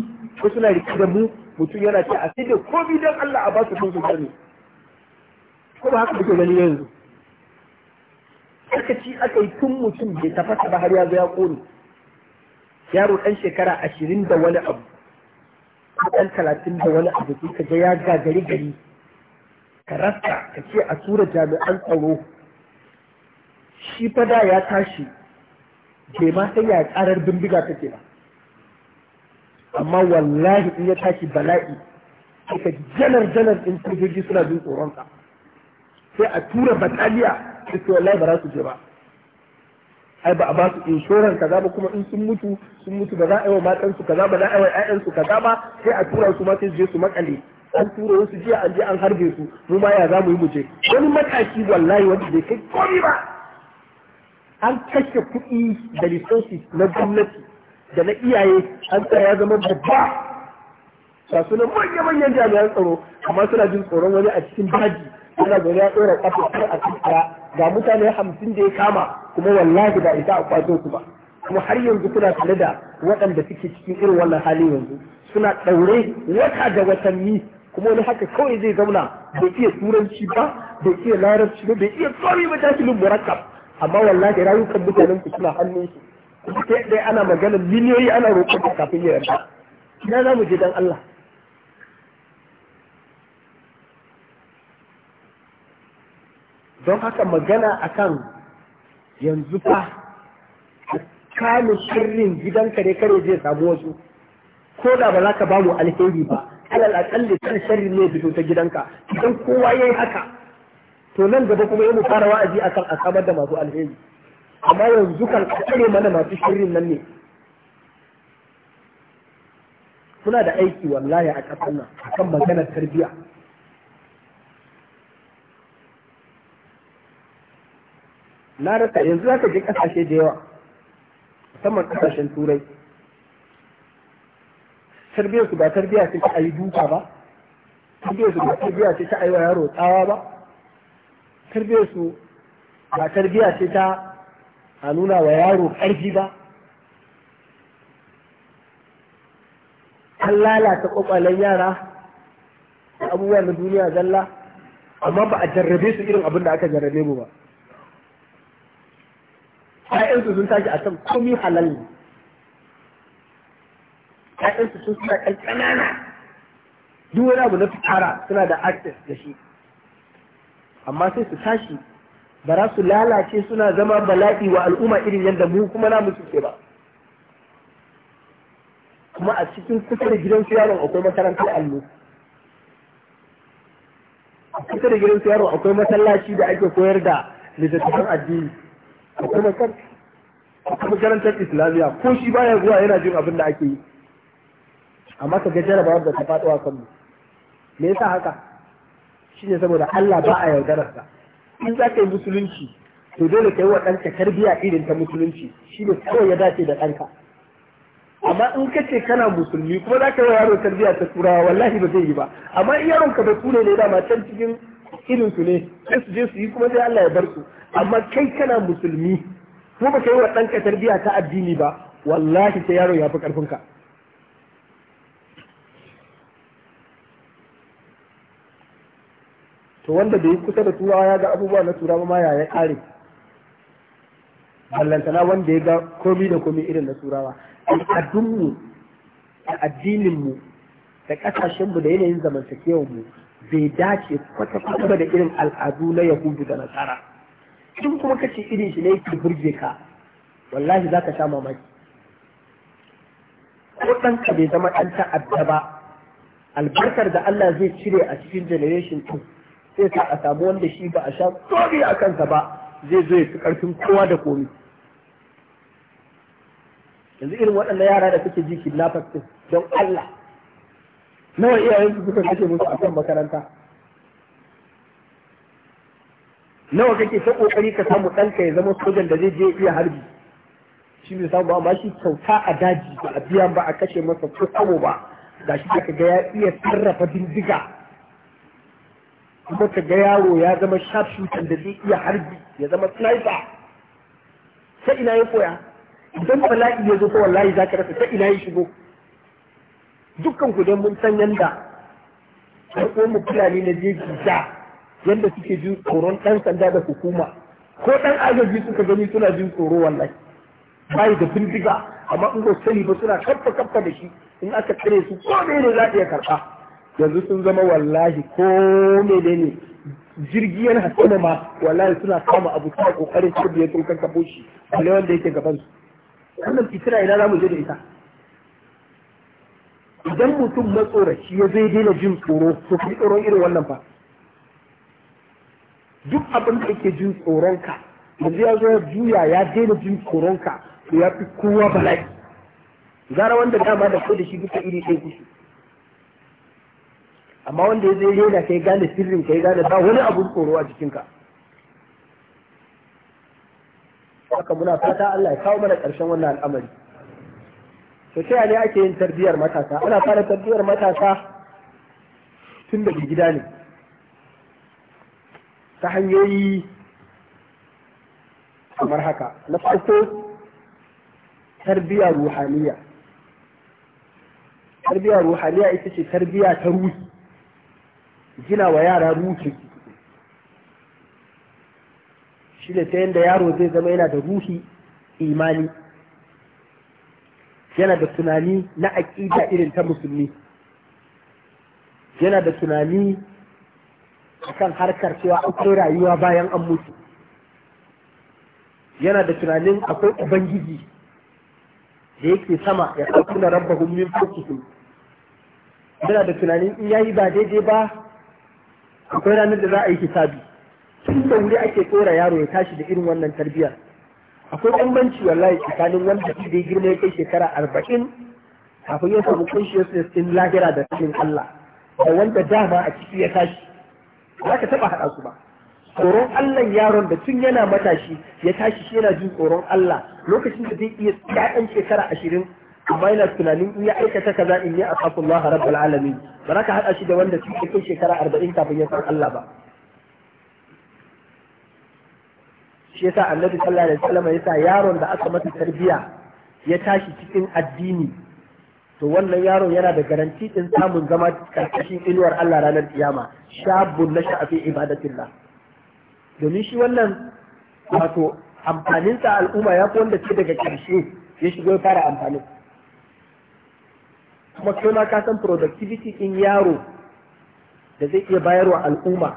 ko suna rike da mu mutum yana ce a sai da don Allah a ba su kun gani ko ba haka kuke gani yanzu aka ci aka yi tun mutum bai tafasa ba har ya zo ya ƙone yaro ɗan shekara ashirin da wani abu ko ɗan talatin da wani abu sai ka ga ya gagari gari ka rasa ka ce a tura jami'an tsaro shi fada ya tashi bai ma sai ya karar bindiga ke ba amma wallahi in ya tashi bala'i ka janar janar in sojoji suna jin tsoronsa sai a tura bataliya su wallahi ba za su je ba ai ba a ba su inshoran kaza ba kuma in sun mutu sun mutu ba za a yi wa matan su kaza ba za a yi wa ƴaƴan su kaza ba sai a tura su ma sai su je su makale an tura wasu jiya an je an harbe su mu ma ya za mu yi mu je wani mataki wallahi wanda bai kai komai ba an kashe kuɗi da resources na gwamnati da na iyaye an tsaya ya zama babba ba su na manya-manyan jami'an tsaro amma suna jin tsoron wani a cikin daji ana zaune ya ɗora ƙafa har a cikin ga mutane hamsin da ya kama kuma wallahi ba ita a kwato su ba kuma har yanzu kuna tare da waɗanda suke cikin irin wannan hali yanzu suna ɗaure wata da watanni kuma wani haka kawai zai zauna bai iya turanci ba bai iya larabci ba bai iya komai ba tashilin murakkab amma wallahi rayukan mutanen ku suna hannun su sai dai ana magana miliyoyi ana roƙon kafin ya yarda ina za mu je dan Allah don haka magana akan yanzu fa kamun sirrin gidanka ne kare zai samu wasu ko da ba za ka bamu alheri ba alal akalli kan shirin ne fito ta gidanka idan kowa ya yi haka to nan gaba kuma yi mu fara wa'azi akan a samar da masu alheri amma yanzu kan kare mana masu shirin nan ne suna da aiki wallahi a kasar nan akan maganar tarbiyya na rasa yanzu za ka je ƙasashe da yawa musamman ƙasashen turai tarbiyyar su ba tarbiyya ce ta ayi duka ba tarbiyyar su ba tarbiyya ce ta yi wa yaro tsawa ba tarbiyyar su ba tarbiyya ce ta a nuna wa yaro ƙarfi ba an lalata kwakwalen yara abubuwan na duniya zalla amma ba a jarrabe su irin abin da aka jarrabe mu ba ƴaƴansu sun tashi a kan komi halal ne ƴaƴansu sun suna ƙanƙanana duk wani abu na fitara suna da access da shi amma sai su tashi ba za su lalace suna zama bala'i wa al'umma irin yadda mu kuma na musu ke ba kuma a cikin kusa da gidan su yaron akwai makarantar allo a kusa da gidan su yaron akwai masallaci da ake koyar da littattafan addini akwai makarantar a makarantar islamiyya ko shi baya zuwa yana jin abin da ake yi amma ka jarabawar da ta faɗo a kanmu me yasa haka shi ne saboda Allah ba a yaudararsa in za ka yi musulunci to dole ka yi wa ɗanka tarbiyya irin ta musulunci shi ne kawai ya dace da ɗanka amma in ka ce kana musulmi kuma za ka yi wa yaro tarbiyya ta turawa wallahi ba zai yi ba amma in yaron ka da kune ne dama can cikin irin su ne sai su je su yi kuma sai Allah ya bar su amma kai kana musulmi ko ba kai wa ɗanka tarbiya ta addini ba wallahi sai yaro ya fi ƙarfinka to wanda bai kusa da turawa ya ga abubuwa na turawa ma ya ƙare ballantana wanda ya ga komi da komi irin na turawa al'adunmu da addininmu da ƙasashenmu da yanayin mu bai dace kwata-kwata da irin al'adu na yahudu da nasara in kuma kace irin shi ne yake burge ka wallahi za ka sha mamaki ko ɗanka bai zama ɗan ta'adda ba albarkar da Allah zai cire a cikin generation ɗin sai sa a samu wanda shi ba a sha komi a kansa ba zai zo ya fi ƙarfin kowa da komi yanzu irin waɗanda yara da suke ji kidnappers don Allah nawa iyayen su suka kashe musu a kan makaranta nawa kake ta kokari ka samu ɗanka ya zama sojan da zai je iya harbi shi ne samu ba amma shi kyauta a daji ba a biya ba a kashe masa ko samu ba ga shi ka ga ya iya sarrafa bindiga kuma ka ga yaro ya zama sharp shooter da zai iya harbi ya zama sniper sai ina ya koya idan bala'i ya zo ko wallahi za ka rasa sai ina ya shigo dukkan ku dai mun san yanda ko mu fulani na jeji da yadda suke jin tsoron ɗan sanda da hukuma ko ɗan agaji suka gani suna jin tsoro wallahi bai da bindiga amma in ba sani ba suna kaffa kaffa da shi in aka tsare su ko ne ne za iya karɓa yanzu sun zama wallahi ko ne ne jirgiyar hasana ma wallahi suna kama abu ta kokarin kudu ya tsokan kafo shi balle wanda yake gaban su wannan fitira ina za mu je da ita idan mutum matsorashi ya zai daina jin tsoro to fi tsoron irin wannan fa duk abin da yake jin tsoronka yanzu ya zo ya juya ya daina jin tsoronka to ya fi kowa bala'i gara wanda dama da ko da shi duka iri ɗaya kusu amma wanda ya zai rena kai gane sirrin kai gane ba wani abun tsoro a jikinka haka muna fata Allah ya kawo mana ƙarshen wannan al'amari to sai ne ake yin tarbiyar matasa ana fara tarbiyar matasa tun daga gida ne ta hanyoyi kamar haka na farko tarbiya ruhaniya tarbiya ruhaniya ita ce tarbiyya ta ruhi gina wa yara ruhi shi ta yadda yaro zai zama yana da ruhi imani yana da tunani na aƙida irin ta musulmi yana da tunani akan harkar cewa akwai rayuwa bayan an mutu yana da tunanin akwai ubangiji da yake sama ya ɗauki na rabba min fokihim yana da tunanin in yayi ba daidai ba akwai ranar da za a yi hisabi tun da wuri ake tsora yaro ya tashi da irin wannan tarbiyyar akwai bambanci wallahi tsakanin wanda da ya girma ya kai shekara arba'in kafin ya samu kunshiyar lahira da sanin Allah da wanda dama a ciki ya tashi ba ka taba haɗa su ba tsoron Allah yaron da tun yana matashi ya tashi shi yana jin tsoron Allah lokacin da zai iya ɗan shekara ashirin amma yana tunanin in ya aikata kaza in ya asafu Allah rabbul alamin ba za ka haɗa shi da wanda tun yake shekara arba'in kafin ya san Allah ba shi yasa annabi sallallahu alaihi wasallam yasa yaron da aka masa tarbiyya ya tashi cikin addini to wannan yaron yana da garanti din samun zama karkashin inuwar Allah ranar kiyama shabun na sha'afi ibadatillah domin shi wannan wato amfanin sa al'umma ya wanda ce daga karshe ya shigo ya fara amfani kuma kai ma ka san productivity in yaro da zai iya bayarwa al'umma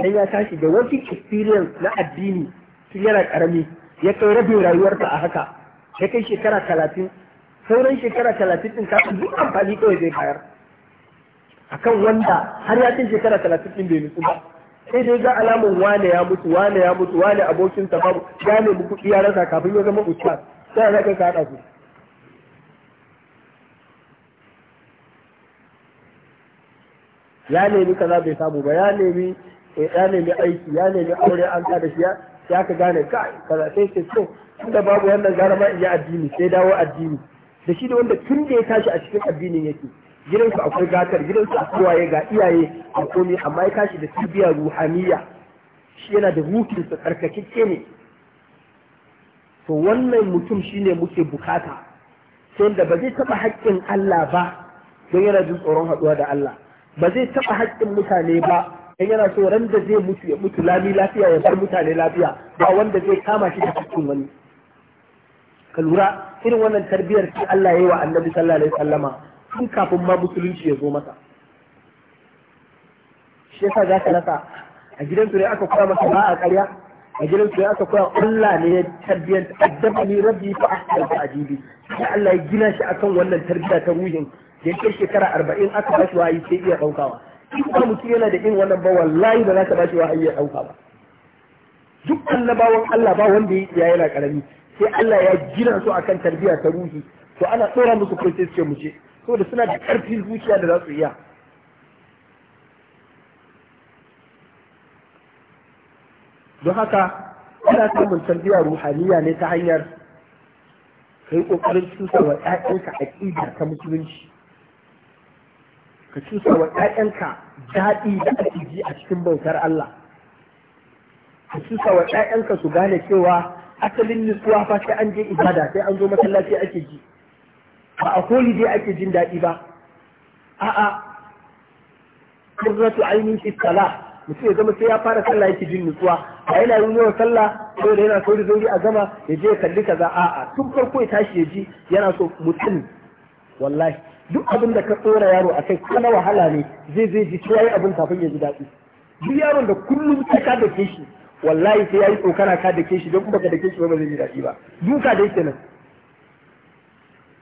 idan ya tashi da wani experience na addini tun yana karami ya kai rabin rayuwarsa a haka ya kai shekara talatin sauran shekara talatin ɗin kafin duk amfani kawai zai bayar a kan wanda har ya cin shekara talatin ɗin bai nutsu ba sai dai ga alamun wane ya mutu wane ya mutu wane abokin ta babu ya nemi kuɗi ya rasa kafin ya zama ustaz sai a kai ka haɗa su ya nemi kaza bai samu ba ya nemi eh, ya nemi aiki ya nemi aure an ka da shi ya ka gane ka kaza sai sai so tunda babu wannan gara ma iya addini sai dawo addini da shi da wanda tun da ya tashi a cikin addinin yake gidansu akwai gatar gidansu akwai waye ga iyaye a komai amma ya tashi da tarbiyya ruhaniya shi yana da ruhinsa tsarkakeke ne to wannan mutum shine muke bukata sai da ba zai taba haƙƙin Allah ba don yana jin tsoron haɗuwa da Allah ba zai taba haƙƙin mutane ba don yana so randa zai mutu ya mutu lami lafiya ya bar mutane lafiya ba wanda zai kama shi da cikin wani ka lura irin wannan tarbiyyar ce Allah ya yi wa annabi sallallahu alaihi wasallama tun kafin ma musulunci ya zo masa shi yasa za ka nasa a gidan su ne aka koya masa ba a ƙarya a gidan su ne aka koya Allah ne ya tarbiyyar addabani rabbi fa ahsan ta'dibi sai Allah ya gina shi akan wannan tarbiyya ta ruhin da yake shekara 40 aka bashi wayi sai iya daukawa in ba mutum yana da irin wannan ba wallahi ba za ka bashi wayi ya dauka ba duk annabawan Allah ba wanda ya yana karami sai Allah ya gina su akan tarbiyya ta ruhi to ana tsora musu kai sai ce muce saboda suna da ƙarfin zuciya da za su iya don haka ana samun tarbiyya ruhaniya ne ta hanyar kai kokarin cusa wa ƴaƴanka aqida ta musulunci ka cusa wa ƴaƴanka daɗi da ake ji a cikin bautar Allah ka cusa wa ƴaƴanka su gane cewa asalin nutsuwa fa sai an je ibada sai an zo masallaci ake ji ba a koli dai ake jin daɗi ba a'a qurratu ainihin fi mutum ya zama sai ya fara sallah yake jin nutsuwa a yana yin yawan sallah da yana sauri zauri a gama ya je ya kalli kaza a'a tun farko ya tashi ya ji yana so mutum wallahi duk abin da ka tsora yaro a kai kana wahala ne zai zai ji sai abin kafin ya ji daɗi duk yaron da kullum ka da ke shi wallahi sai yi tsokana ka ke shi don kuma ka ke shi ba zai ji daɗi ba duka dai nan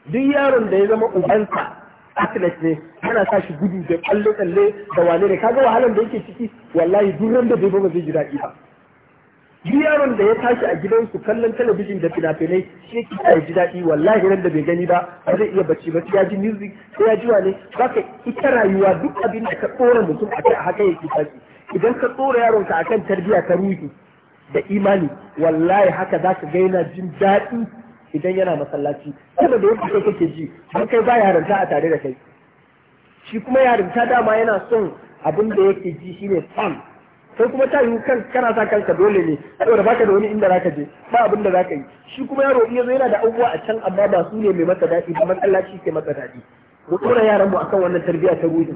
duk yaron da ya zama ubansa athlete ne ana sa shi gudu da kallo kalle da wane ne kaga wahalar da yake ciki wallahi duk ran da bai ba zai ji daɗi ba duk yaron da ya tashi a gidan gidansu kallon talabijin da fina-finai shi yake ya ji daɗi wallahi ran da bai gani ba ba zai iya bacci ba sai ya ji music sai ya ji wane zaka ita rayuwa duk abin da ka ɗora mutum a haka yake tashi idan ka tsora yaronka akan tarbiyya ta ruhi da imani wallahi haka za ka gaina jin daɗi idan yana masallaci kuma da yadda kake ji don kai ba yarinta a tare da kai shi kuma yarinta dama yana son abin da yake ji shine fam. sai kuma ta yi kan kana sa kanka dole ne saboda baka da wani inda zaka je ba abin da zaka yi shi kuma yaro in yazo yana da abubuwa a can amma ba su ne mai masa daɗi ba masallaci ke masa daɗi mu tsora yaran mu akan wannan tarbiyya ta ruhi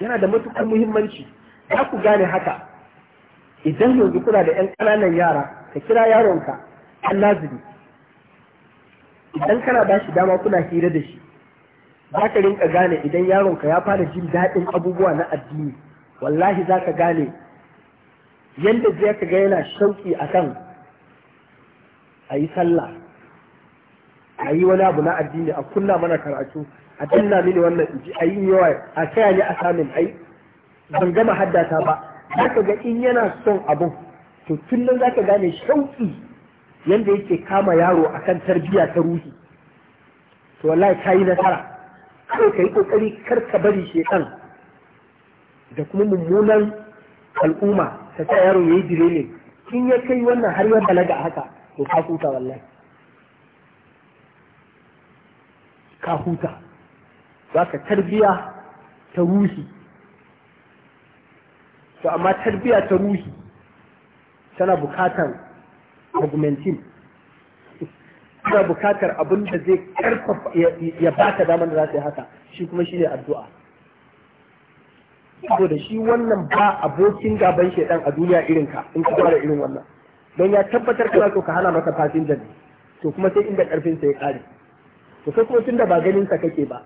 yana da matukar muhimmanci za ku gane haka idan yanzu kuna da 'yan kananan yara ka kira yaronka an lazimi idan kana ba shi dama kuna hira da shi za ka rinka gane idan yaronka ya fara jin daɗin abubuwa na addini wallahi za ka gane yadda zai ka ga yana shauƙi akan a yi sallah a yi wani abu na addini a kunna mana karatu a danna mini wannan inji a yi yawa a kaya ne a samin ai ban gama haddata ba za ka ga in yana son abun to tun nan za ka gane shauƙi yadda yake kama yaro a kan tarbiyya ta ruhi to wallahi ka yi nasara kai ka yi ƙoƙari kar ka bari shekan da kuma mummunan al'umma ta sa yaro ya yi direnin in ya kai wannan har ya balaga haka to ka kuta wallahi ka huta za ka tarbiya ta ruhi to amma tarbiya ta ruhi tana bukatar augmentin tana bukatar abin da zai karfafa ya ba ta damar da za ta yi haka shi kuma shi ne addu'a da shi wannan ba abokin gaban shaidan a duniya irin ka in ka fara irin wannan don ya tabbatar kana so ka hana masa fasinjan ne to kuma sai inda karfin sa ya kare to sai kuma tunda ba ganin sa kake ba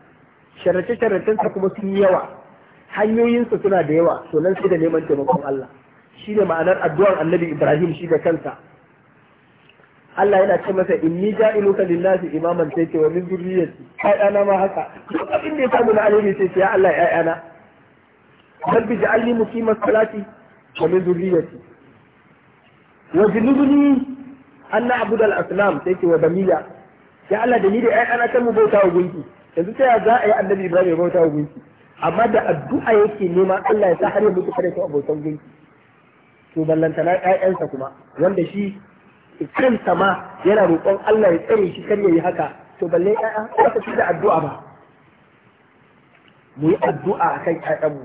sharace sharacen sa kuma sun yawa hanyoyin sa suna da yawa to nan sai da neman taimakon Allah shine ma'anar addu'ar Annabi Ibrahim shi da kansa Allah yana ce masa inni ja'iluka lin-nasi imaman sai ce wa min zurriyyati ana ma haka duk abin da ya samu na alheri sai ce ya Allah ya ayana dan bi ja'alni muqima salati wa min zurriyyati wa zinubni anna na'budu al sai ce wa bamiya ya Allah da ni da ƴan ana mu bauta wa gunki yanzu ta ya za a yi annabi Ibrahim ya bauta wa gunki amma da addu'a yake nema Allah ya sa har ya mutu kada ta bautan gunki to ballantana ƴaƴansa kuma wanda shi kansa ma yana roƙon Allah ya tsare shi kar yayi haka to balle ƴaƴa ba ta da addu'a ba mu yi addu'a akan ƴaƴanmu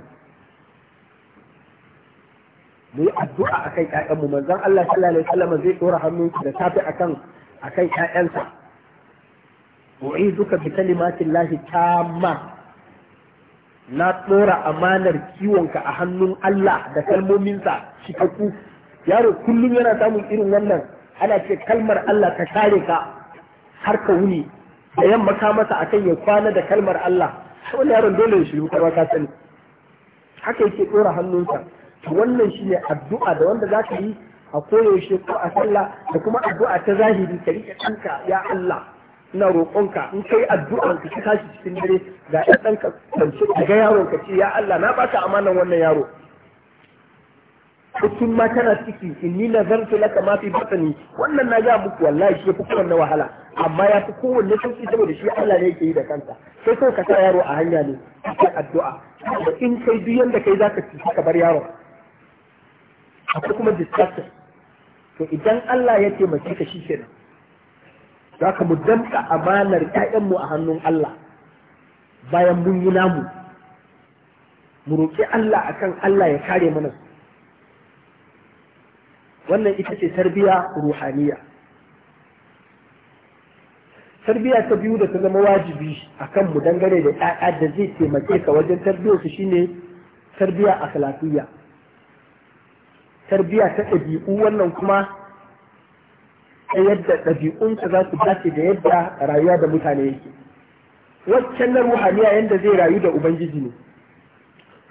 mu yi addu'a akan ƴaƴanmu manzon Allah sallallahu alaihi wasallam zai dora hannunsa da safi akan akan ƴaƴansa u'iduka bi kalimatillahi ma na tsora amanar kiwonka a hannun Allah da kalmominsa cikakku yaro kullum yana samun irin wannan ana ce kalmar Allah ka kare ka har ka wuni da yamma ka masa akan ya kwana da kalmar Allah wani yaron dole ya shiru karwa ka sani haka yake tsora hannunsa to wannan shine addu'a da wanda za ka yi a koyaushe ko a sallah da kuma addu'a ta zahiri ka rike kanka ya Allah ina roƙonka in kai addu'an ka ka tashi cikin dare ga ɗan ɗanka kwance a ga yaron ka ce ya Allah na ba baka amanan wannan yaro Hukun ma tana ciki na zan laka ma fi batni wannan na ga muku wallahi shi fi kowanne wahala amma ya fi kowanne sauki saboda shi Allah ne yake yi da kansa sai kawai ka sa yaro a hanya ne ka addu'a da in kai duk yanda kai zaka ci ka bar yaron akwai kuma distraction to idan Allah ya taimake ka shi kenan Zaka mu damka amanar ‘ya'yanmu a hannun Allah bayan mun yi namu, mu roƙi Allah akan Allah ya kare mana Wannan ita ce tarbiya ruhaniya. Tarbiya ta biyu da ta zama wajibi akan mu dangane da ‘ya'ya da zai taimake ka wajen tarbiyarsu shine tarbiya akhlaqiyya tarbiya ta ɗabi'u wannan kuma ta yadda ɗabi'unka za su dace da yadda rayuwa da mutane yake waccan na ruhaniya yadda zai rayu da ubangiji ne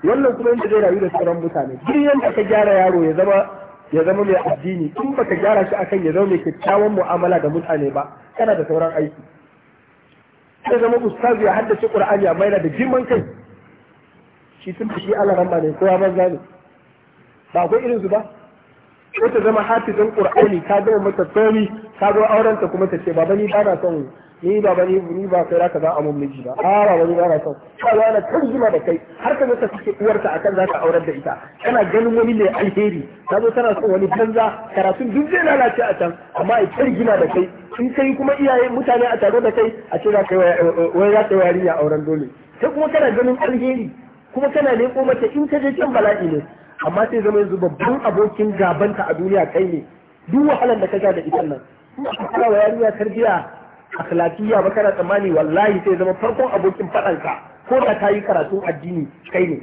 wannan kuma yadda zai rayu da sauran mutane duk yadda ka gyara yaro ya zama ya zama mai addini in baka gyara shi akan ya zama mai kyakkyawan mu'amala da mutane ba kana da sauran aiki sai zama ustazu ya haddace qur'ani amma yana da girman kai shi tun shi Allah ramba ne kowa banza ne ba akwai irin su ba sai ta zama hafizin qur'ani ka zama mata tsari ka zo auren ta kuma ta ce baba ni ba na son ni baba ni ni ba kai zaka za a mun ba a ah, baba ni ba na son ka zo ana tarjima da kai har ka suke uwarta a uwarta akan zaka auren da ita kana ganin wani mai alheri ka zo tana son wani banza karatun duk zai lalace a can amma a tarjima da kai in kai kuma iyaye mutane a tare da kai a ce za wai za yi auren dole sai kuma kana ganin alheri kuma kana leƙo mata in ka je can bala'i ne amma sai zama yanzu babban abokin gabanta a duniya kai ne duk wahalar da ka ga da ita nan in ka wa yarinya tarbiya akhlaqiyya ba kana tsammani wallahi sai zama farkon abokin ka ko da ta yi karatun addini kai ne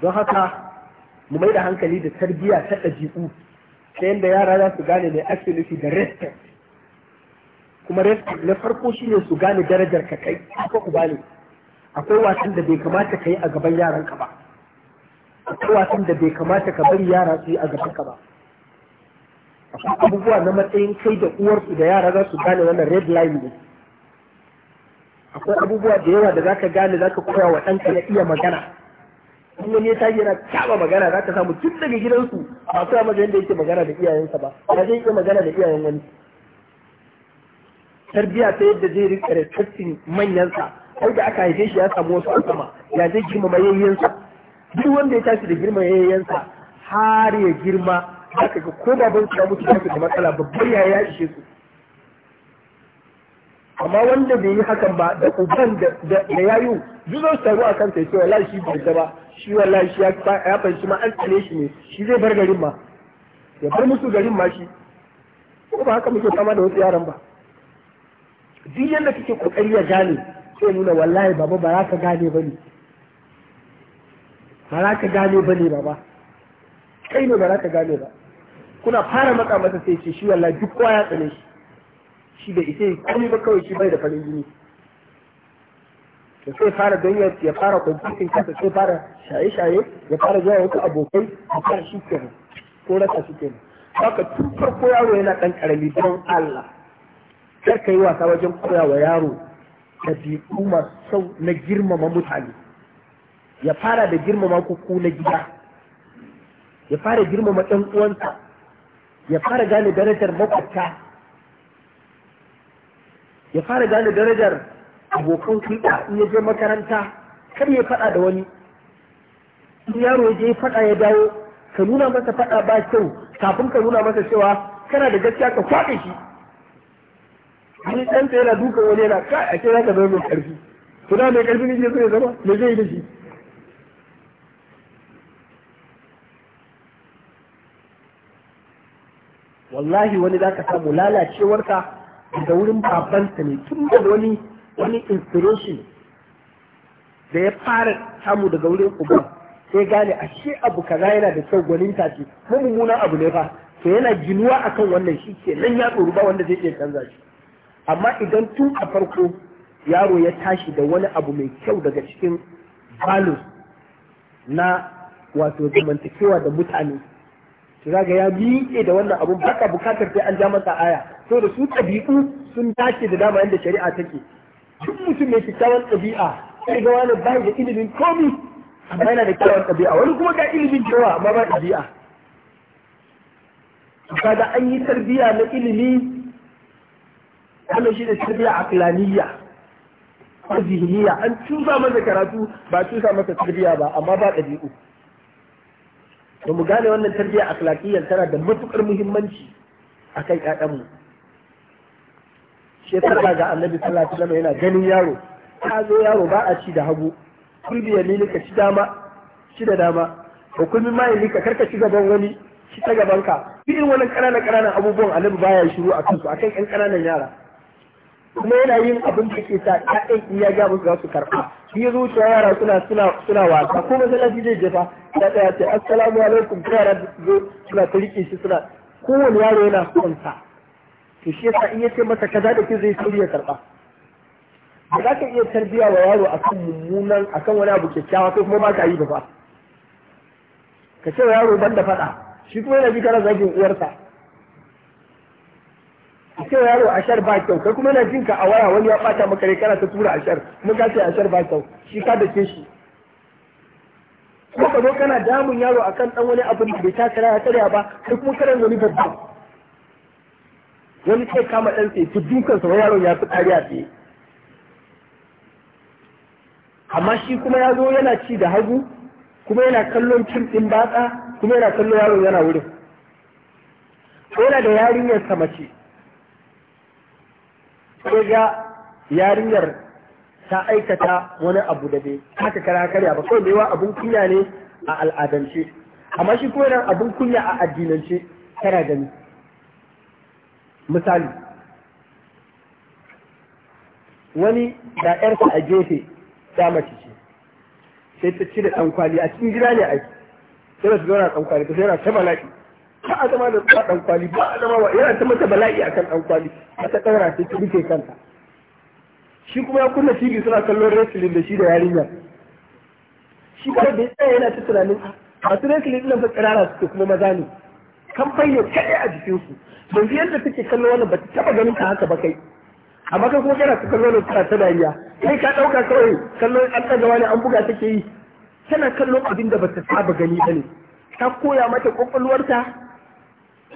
don haka mu mai da hankali da tarbiyya ta ɗabi'u ta yadda yara za su gane mai ake nufi da respect kuma respect na farko shine su gane darajar ka kai ko ku bani akwai wasan da bai kamata ka yi a gaban yaranka ba akwai wasan da bai kamata ka bari yara su yi a gaban ka ba akwai abubuwa na matsayin kai da uwarsu da yara za su gane wannan red line ne akwai abubuwa da yawa da za ka gane za ka koya wa ɗanka ya iya magana in wani ya tashi yana magana za ka samu tun daga gidansu ba su yi magana da yake magana da iyayensa ba ba zai iya magana da iyayen wani tarbiya ta yadda zai rika respecting manyansa ai da aka haife shi ya samu wasu al'umma ya zai girmama mayayyansa. duk wanda ya tashi da girma yayyansa har ya girma haka ga ko baban su ya mutu ya da matsala babban ya ya ishe su amma wanda bai yi hakan ba da uban da yayu duk zai taru a kansa ya ce wallahi shi bai ba shi wallahi shi ya fahimci ma an tsale shi ne shi zai bar garin ma ya bar musu garin ma shi ko ba haka muke fama da wasu yaran ba duk yadda kake kokari ya gane sai nuna wallahi baba ba za ka gane ba ne ba za ka gane ba ne baba kai ne ba za ka gane ba kuna fara matsa masa sai ce shi wallahi duk kowa ya tsane shi shi da ita komai ba kawai shi bai da farin jini da sai fara don ya fara kwamfutin kasa sai fara shaye-shaye ya fara zuwa wasu abokai a fara shi kenan ko rasa shi kenan haka tun farko yaro yana ɗan ƙarami don Allah kar ka yi wasa wajen koya wa yaro ɗabi'u masu kyau na girmama mutane ya fara da girmama kuku na gida ya fara girmama ɗan uwansa ya fara gane darajar makwabta ya fara gane darajar abokan hulɗa in ya je makaranta kar ya faɗa da wani in yaro ya je faɗa ya dawo ka nuna masa faɗa ba kyau kafin ka nuna masa cewa kana da gaskiya ka kwaɗe shi wani ɗanta yana duka wani yana kai a kira ka zama mai ƙarfi to da mai ƙarfi ne ke zama me zai shi wallahi wani za ka samu lalacewarka da wurin babansa ne tun da wani wani inspiration da ya fara samu daga wurin uban sai gane shi abu kaza yana da kyau gwanin ce abu ne fa to yana ginuwa akan wannan shi ke nan ya tsoro ba wanda zai iya canza shi amma idan tun a farko yaro ya tashi da wani abu mai kyau daga cikin balus na wato zamantakewa da mutane to zaga ya miƙe da wannan abun baka bukatar sai an ja masa aya so da su ɗabi'u sun dace da dama yadda shari'a take duk mutum mai kyakkyawan ɗabi'a sai ga wani bai da ilimin komi amma yana da kyakkyawan ɗabi'a wani kuma ga ilimin cewa amma ba ɗabi'a kaga an yi tarbiyya na ilimi wannan shi ne tarbiya aqlaniyya ko zihiniya an tusa masa karatu ba tusa masa tarbiya ba amma ba ɗabi'u to mu gane wannan tarbiya akhlaqiyyar tana da matukar muhimmanci a kan ƴaƴanmu shekara ga annabi sallallahu alaihi yana ganin yaro ta zo yaro ba a ci da hagu kulbiya ne ka ci dama ci da dama ko kulbi mayini ka karka ci gaban wani ci ta gaban ka irin wannan ƙananan ƙananan abubuwan annabi baya shiru a kansu akan ƴan ƙananan yara kuma yana yin abin da ke sa ƴaƴan in ya ga musu za su karɓa shi zuciya yara suna suna wasa ko masallaci zai jefa ta tsaya ce assalamu alaikum ko yara zo suna ta rike shi suna kowane yaro yana son sa to shi yasa in yace masa kaza da ke zai shirya karɓa ba za ka iya tarbiya wa yaro akan mummunan akan wani abu kyakkyawa ko kuma ba ka yi ba ka ce wa yaro ban da faɗa shi kuma yana ji kana zagin uwarsa cewa yaro ashar ba kyau kai kuma yana jinka a waya wani ya bata maka rai kana ta tura ashar mun ka ce ashar ba kyau shi ka da ke shi kuma ka kana damun yaro akan dan wani abin da bai taka ya karya ba kai kuma karan wani babba wani sai kama dan sai dukan sa yaron ya fi kariya tsaye amma shi kuma ya zo yana ci da hagu kuma yana kallon cin din batsa kuma yana kallon yaron yana wurin ko da yarinyar sa mace sai ga yarinyar ta aikata wani abu da bai haka kara karya ba kawai wa abun kunya ne a al'adance amma shi kuma nan abun kunya a addinance tana gani misali wani da yarsa a gefe ta mace ce sai ta cire ɗankwali a cikin gida ne aiki sai da su zauna ɗankwali ta sai na ta bala'i ba a zama da ba dan kwali ba a zama yana ta mata bala'i akan dan kwali ba ta daura ta rufe kanta shi kuma ya kunna TV suna kallon wrestling da shi da yarinya shi kuma da ya yana ta tunanin ah, masu wrestling ɗin fa tsirara suke kuma maza ne kan ya kaɗai a jikinsu yanzu yadda take kallon wannan ba ta taɓa ganin ka haka ba kai amma kai kuma kana kallon wannan tana ta dariya kai ka ɗauka kawai kallon an ɗaga wani an buga take yi tana kallon abin da ba ta saba gani ba ne ta koya mata ƙwaƙwalwarta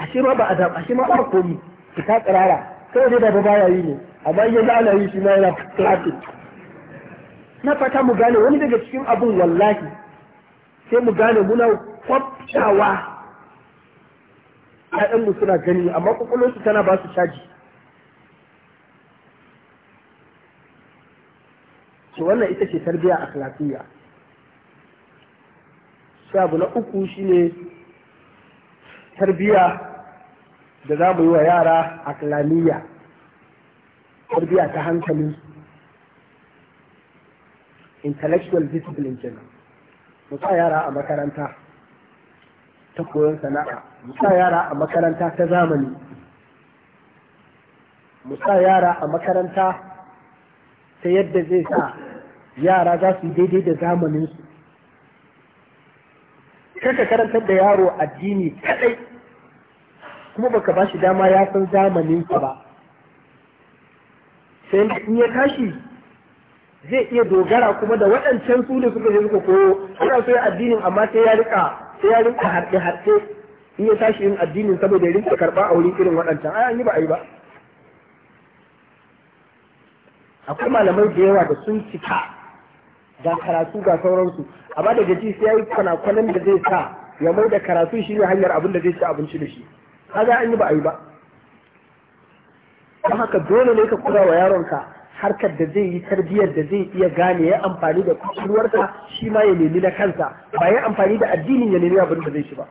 ashe ma ba a zaɓa shi ma ba komi ta tsirara sai dai da ba baya yi ne amma in yanzu ana yi shi ma yana classic na fata mu gane wani daga cikin abun wallahi sai mu gane muna kwaftawa ‘ya'yanmu suna gani amma kwakwalwarsu tana ba su caji to wannan ita ce tarbiyya akhlaqiyya sai abu na uku shine tarbiya da za mu yi wa yara aklaniya tarbiya ta hankali intellectual discipline kenan mu sa yara a makaranta ta koyon sana'a mu sa yara a makaranta ta zamani mu sa yara a makaranta ta yadda zai sa yara za su yi daidai da zamaninsu kanka karantar da yaro addini kadai kuma baka ba shi dama ya san zamanin ka ba sai in ya tashi zai iya dogara kuma da waɗancan su ne suka je koyo ana so addinin amma sai ya rika sai ya rika harɗe harɗe in ya tashi yin addinin saboda ya rika karɓa a wurin irin waɗancan ai an yi ba a yi ba akwai malamai da yawa da sun cika ga karatu ga sauransu amma daga ji sai yayi kwanakwanan da zai sa ya mai da karatu shi ne hanyar abin da zai ci abinci da shi kaga an yi ba a yi ba don haka dole ne ka kura wa yaronka harkar da zai yi tarbiyyar da zai iya gane ya amfani da kusurwarka shi ma ya nemi na kansa ba ya amfani da addinin ya nemi abin da zai ci ba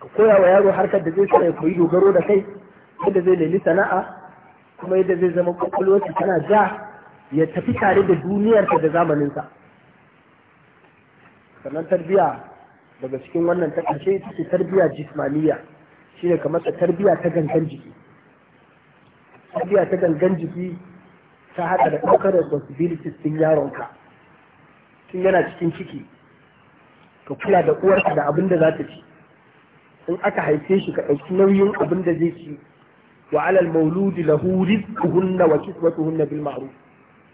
ka koya wa yaro harkar da zai sa ya koyi dogaro da kai yadda zai nemi sana'a kuma yadda zai zama kwakwalwarsa tana ja ya tafi tare da duniyarsa da zamaninsa sannan tarbiya daga cikin wannan ta ƙarshe ita ce tarbiya jismaniya shine kamar ta tarbiya ta gangan jiki tarbiya ta gangan jiki ta haɗa da ɗaukar responsibilities ɗin yaronka tun yana cikin ciki ka kula da uwarka da abin da za ta ci in aka haife shi ka ɗauki nauyin abin da zai ci wa alal mauludi lahu rizquhunna wa kiswatuhunna bil ma'ruf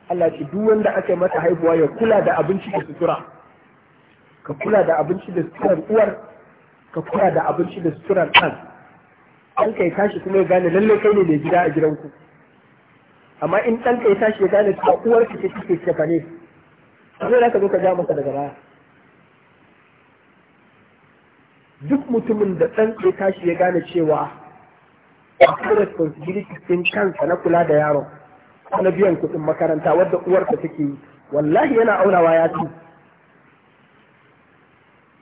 Allah ce duk wanda aka mata haihuwa ya kula da abinci da sutura ka kula da abinci da suturar uwar ka kula da abinci da suturar ɗan an kai tashi kuma ya gane lalle kai ne mai gida a gidanku amma in ɗan kai tashi ya gane cewa uwar ki ce kike kefa ne zai za ka zo ka ja maka daga baya duk mutumin da ɗan kai tashi ya gane cewa akwai responsibility ɗin kansa na kula da yaron na biyan kuɗin makaranta wadda uwarsa take yi wallahi yana aunawa ya ci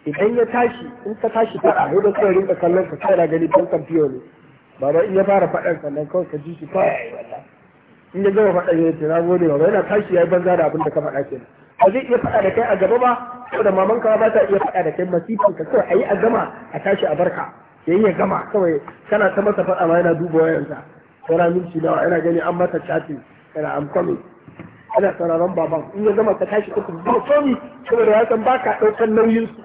idan ya tashi in ka tashi fara hudu kawai rinka kallon ka kai gani don biyo ne baba in ya fara faɗan sannan kawai ka ji shi kawai in ya gama faɗan ya ce na gode baba yana tashi ya yi banza da abin da ka faɗa ke ba zai iya faɗa da kai a gaba ba saboda mamanka ba ta iya faɗa da kai masifin ka kawai a yi a gama a tashi a barka ya yi ya gama kawai kana ta masa faɗa ma yana duba wayanta saura minti nawa yana gani an mata chatting yana am coming ana sauraron baban in ya gama ka tashi uku ba komi saboda ya san baka ɗaukar nauyin su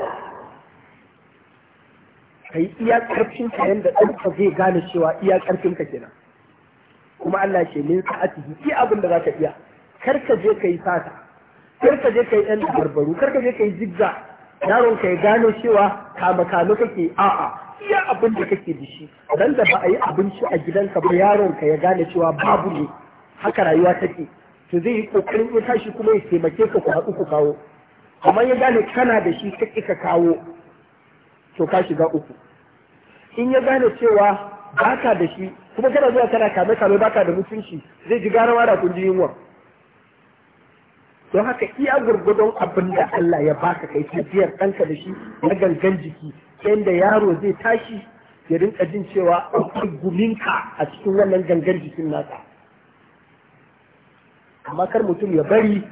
kai iya karfin ka yadda ɗan ka zai gane cewa iya karfin ka kenan kuma Allah ce min sa'atihi iya abin da ka iya kar ka je yi sata kar ka je yi ɗan barbaru kar ka je yi jigga yaron ka ya gano cewa kama kame kake a'a iya abin da kake da shi dan da ba a yi abinci a gidanka ba yaron ka ya gane cewa babu ne haka rayuwa take to zai yi kokarin ya tashi kuma ya taimake ka ku haɗu ku kawo amma ya gane kana da shi ka ka kawo to ka shiga uku in ya gane cewa baka da shi kuma kana zuwa kana kame kame baka da mutunci zai ji garawa da kun ji yunwa don haka iya gurgudon abin da Allah ya baka kai tafiyar ɗanka da shi na gangan jiki yadda yaro zai tashi ya rinka jin cewa akwai guminka a cikin wannan gangar jikin nasa amma kar mutum ya bari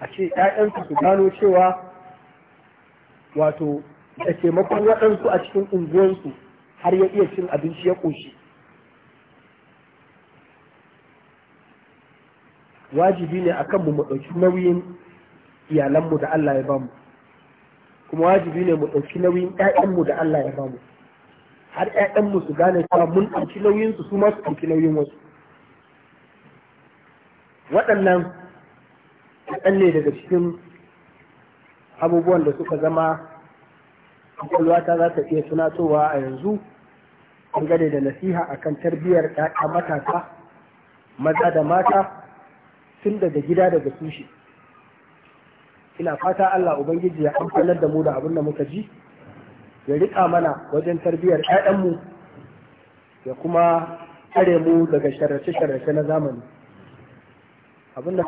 a ce ‘ya'yansu su gano cewa wato da taimakon waɗansu a cikin unguwansu har ya iya cin abinci ya ƙoshi wajibi ne a kanmu mu ɗauki nauyin iyalanmu da Allah ya bamu kuma wajibi ne mu ɗauki nauyin ƴaƴanmu da Allah ya ba mu har ƴaƴanmu su gane cewa mun ɗauki nauyin su su ma su ɗauki nauyin wasu waɗannan kaɗan ne daga cikin abubuwan da suka zama kwakwalwa ta za ta iya tunatowa a yanzu gane da nasiha a kan tarbiyyar ƴaƴa matasa maza da mata tun daga gida daga tushe. ina fata Allah ubangiji ya amfanar da mu da abin da muka ji ya riƙa mana wajen tarbiyyar 'ya'yanmu, ya kuma tsare mu daga sharrace-sharrace na zamani abin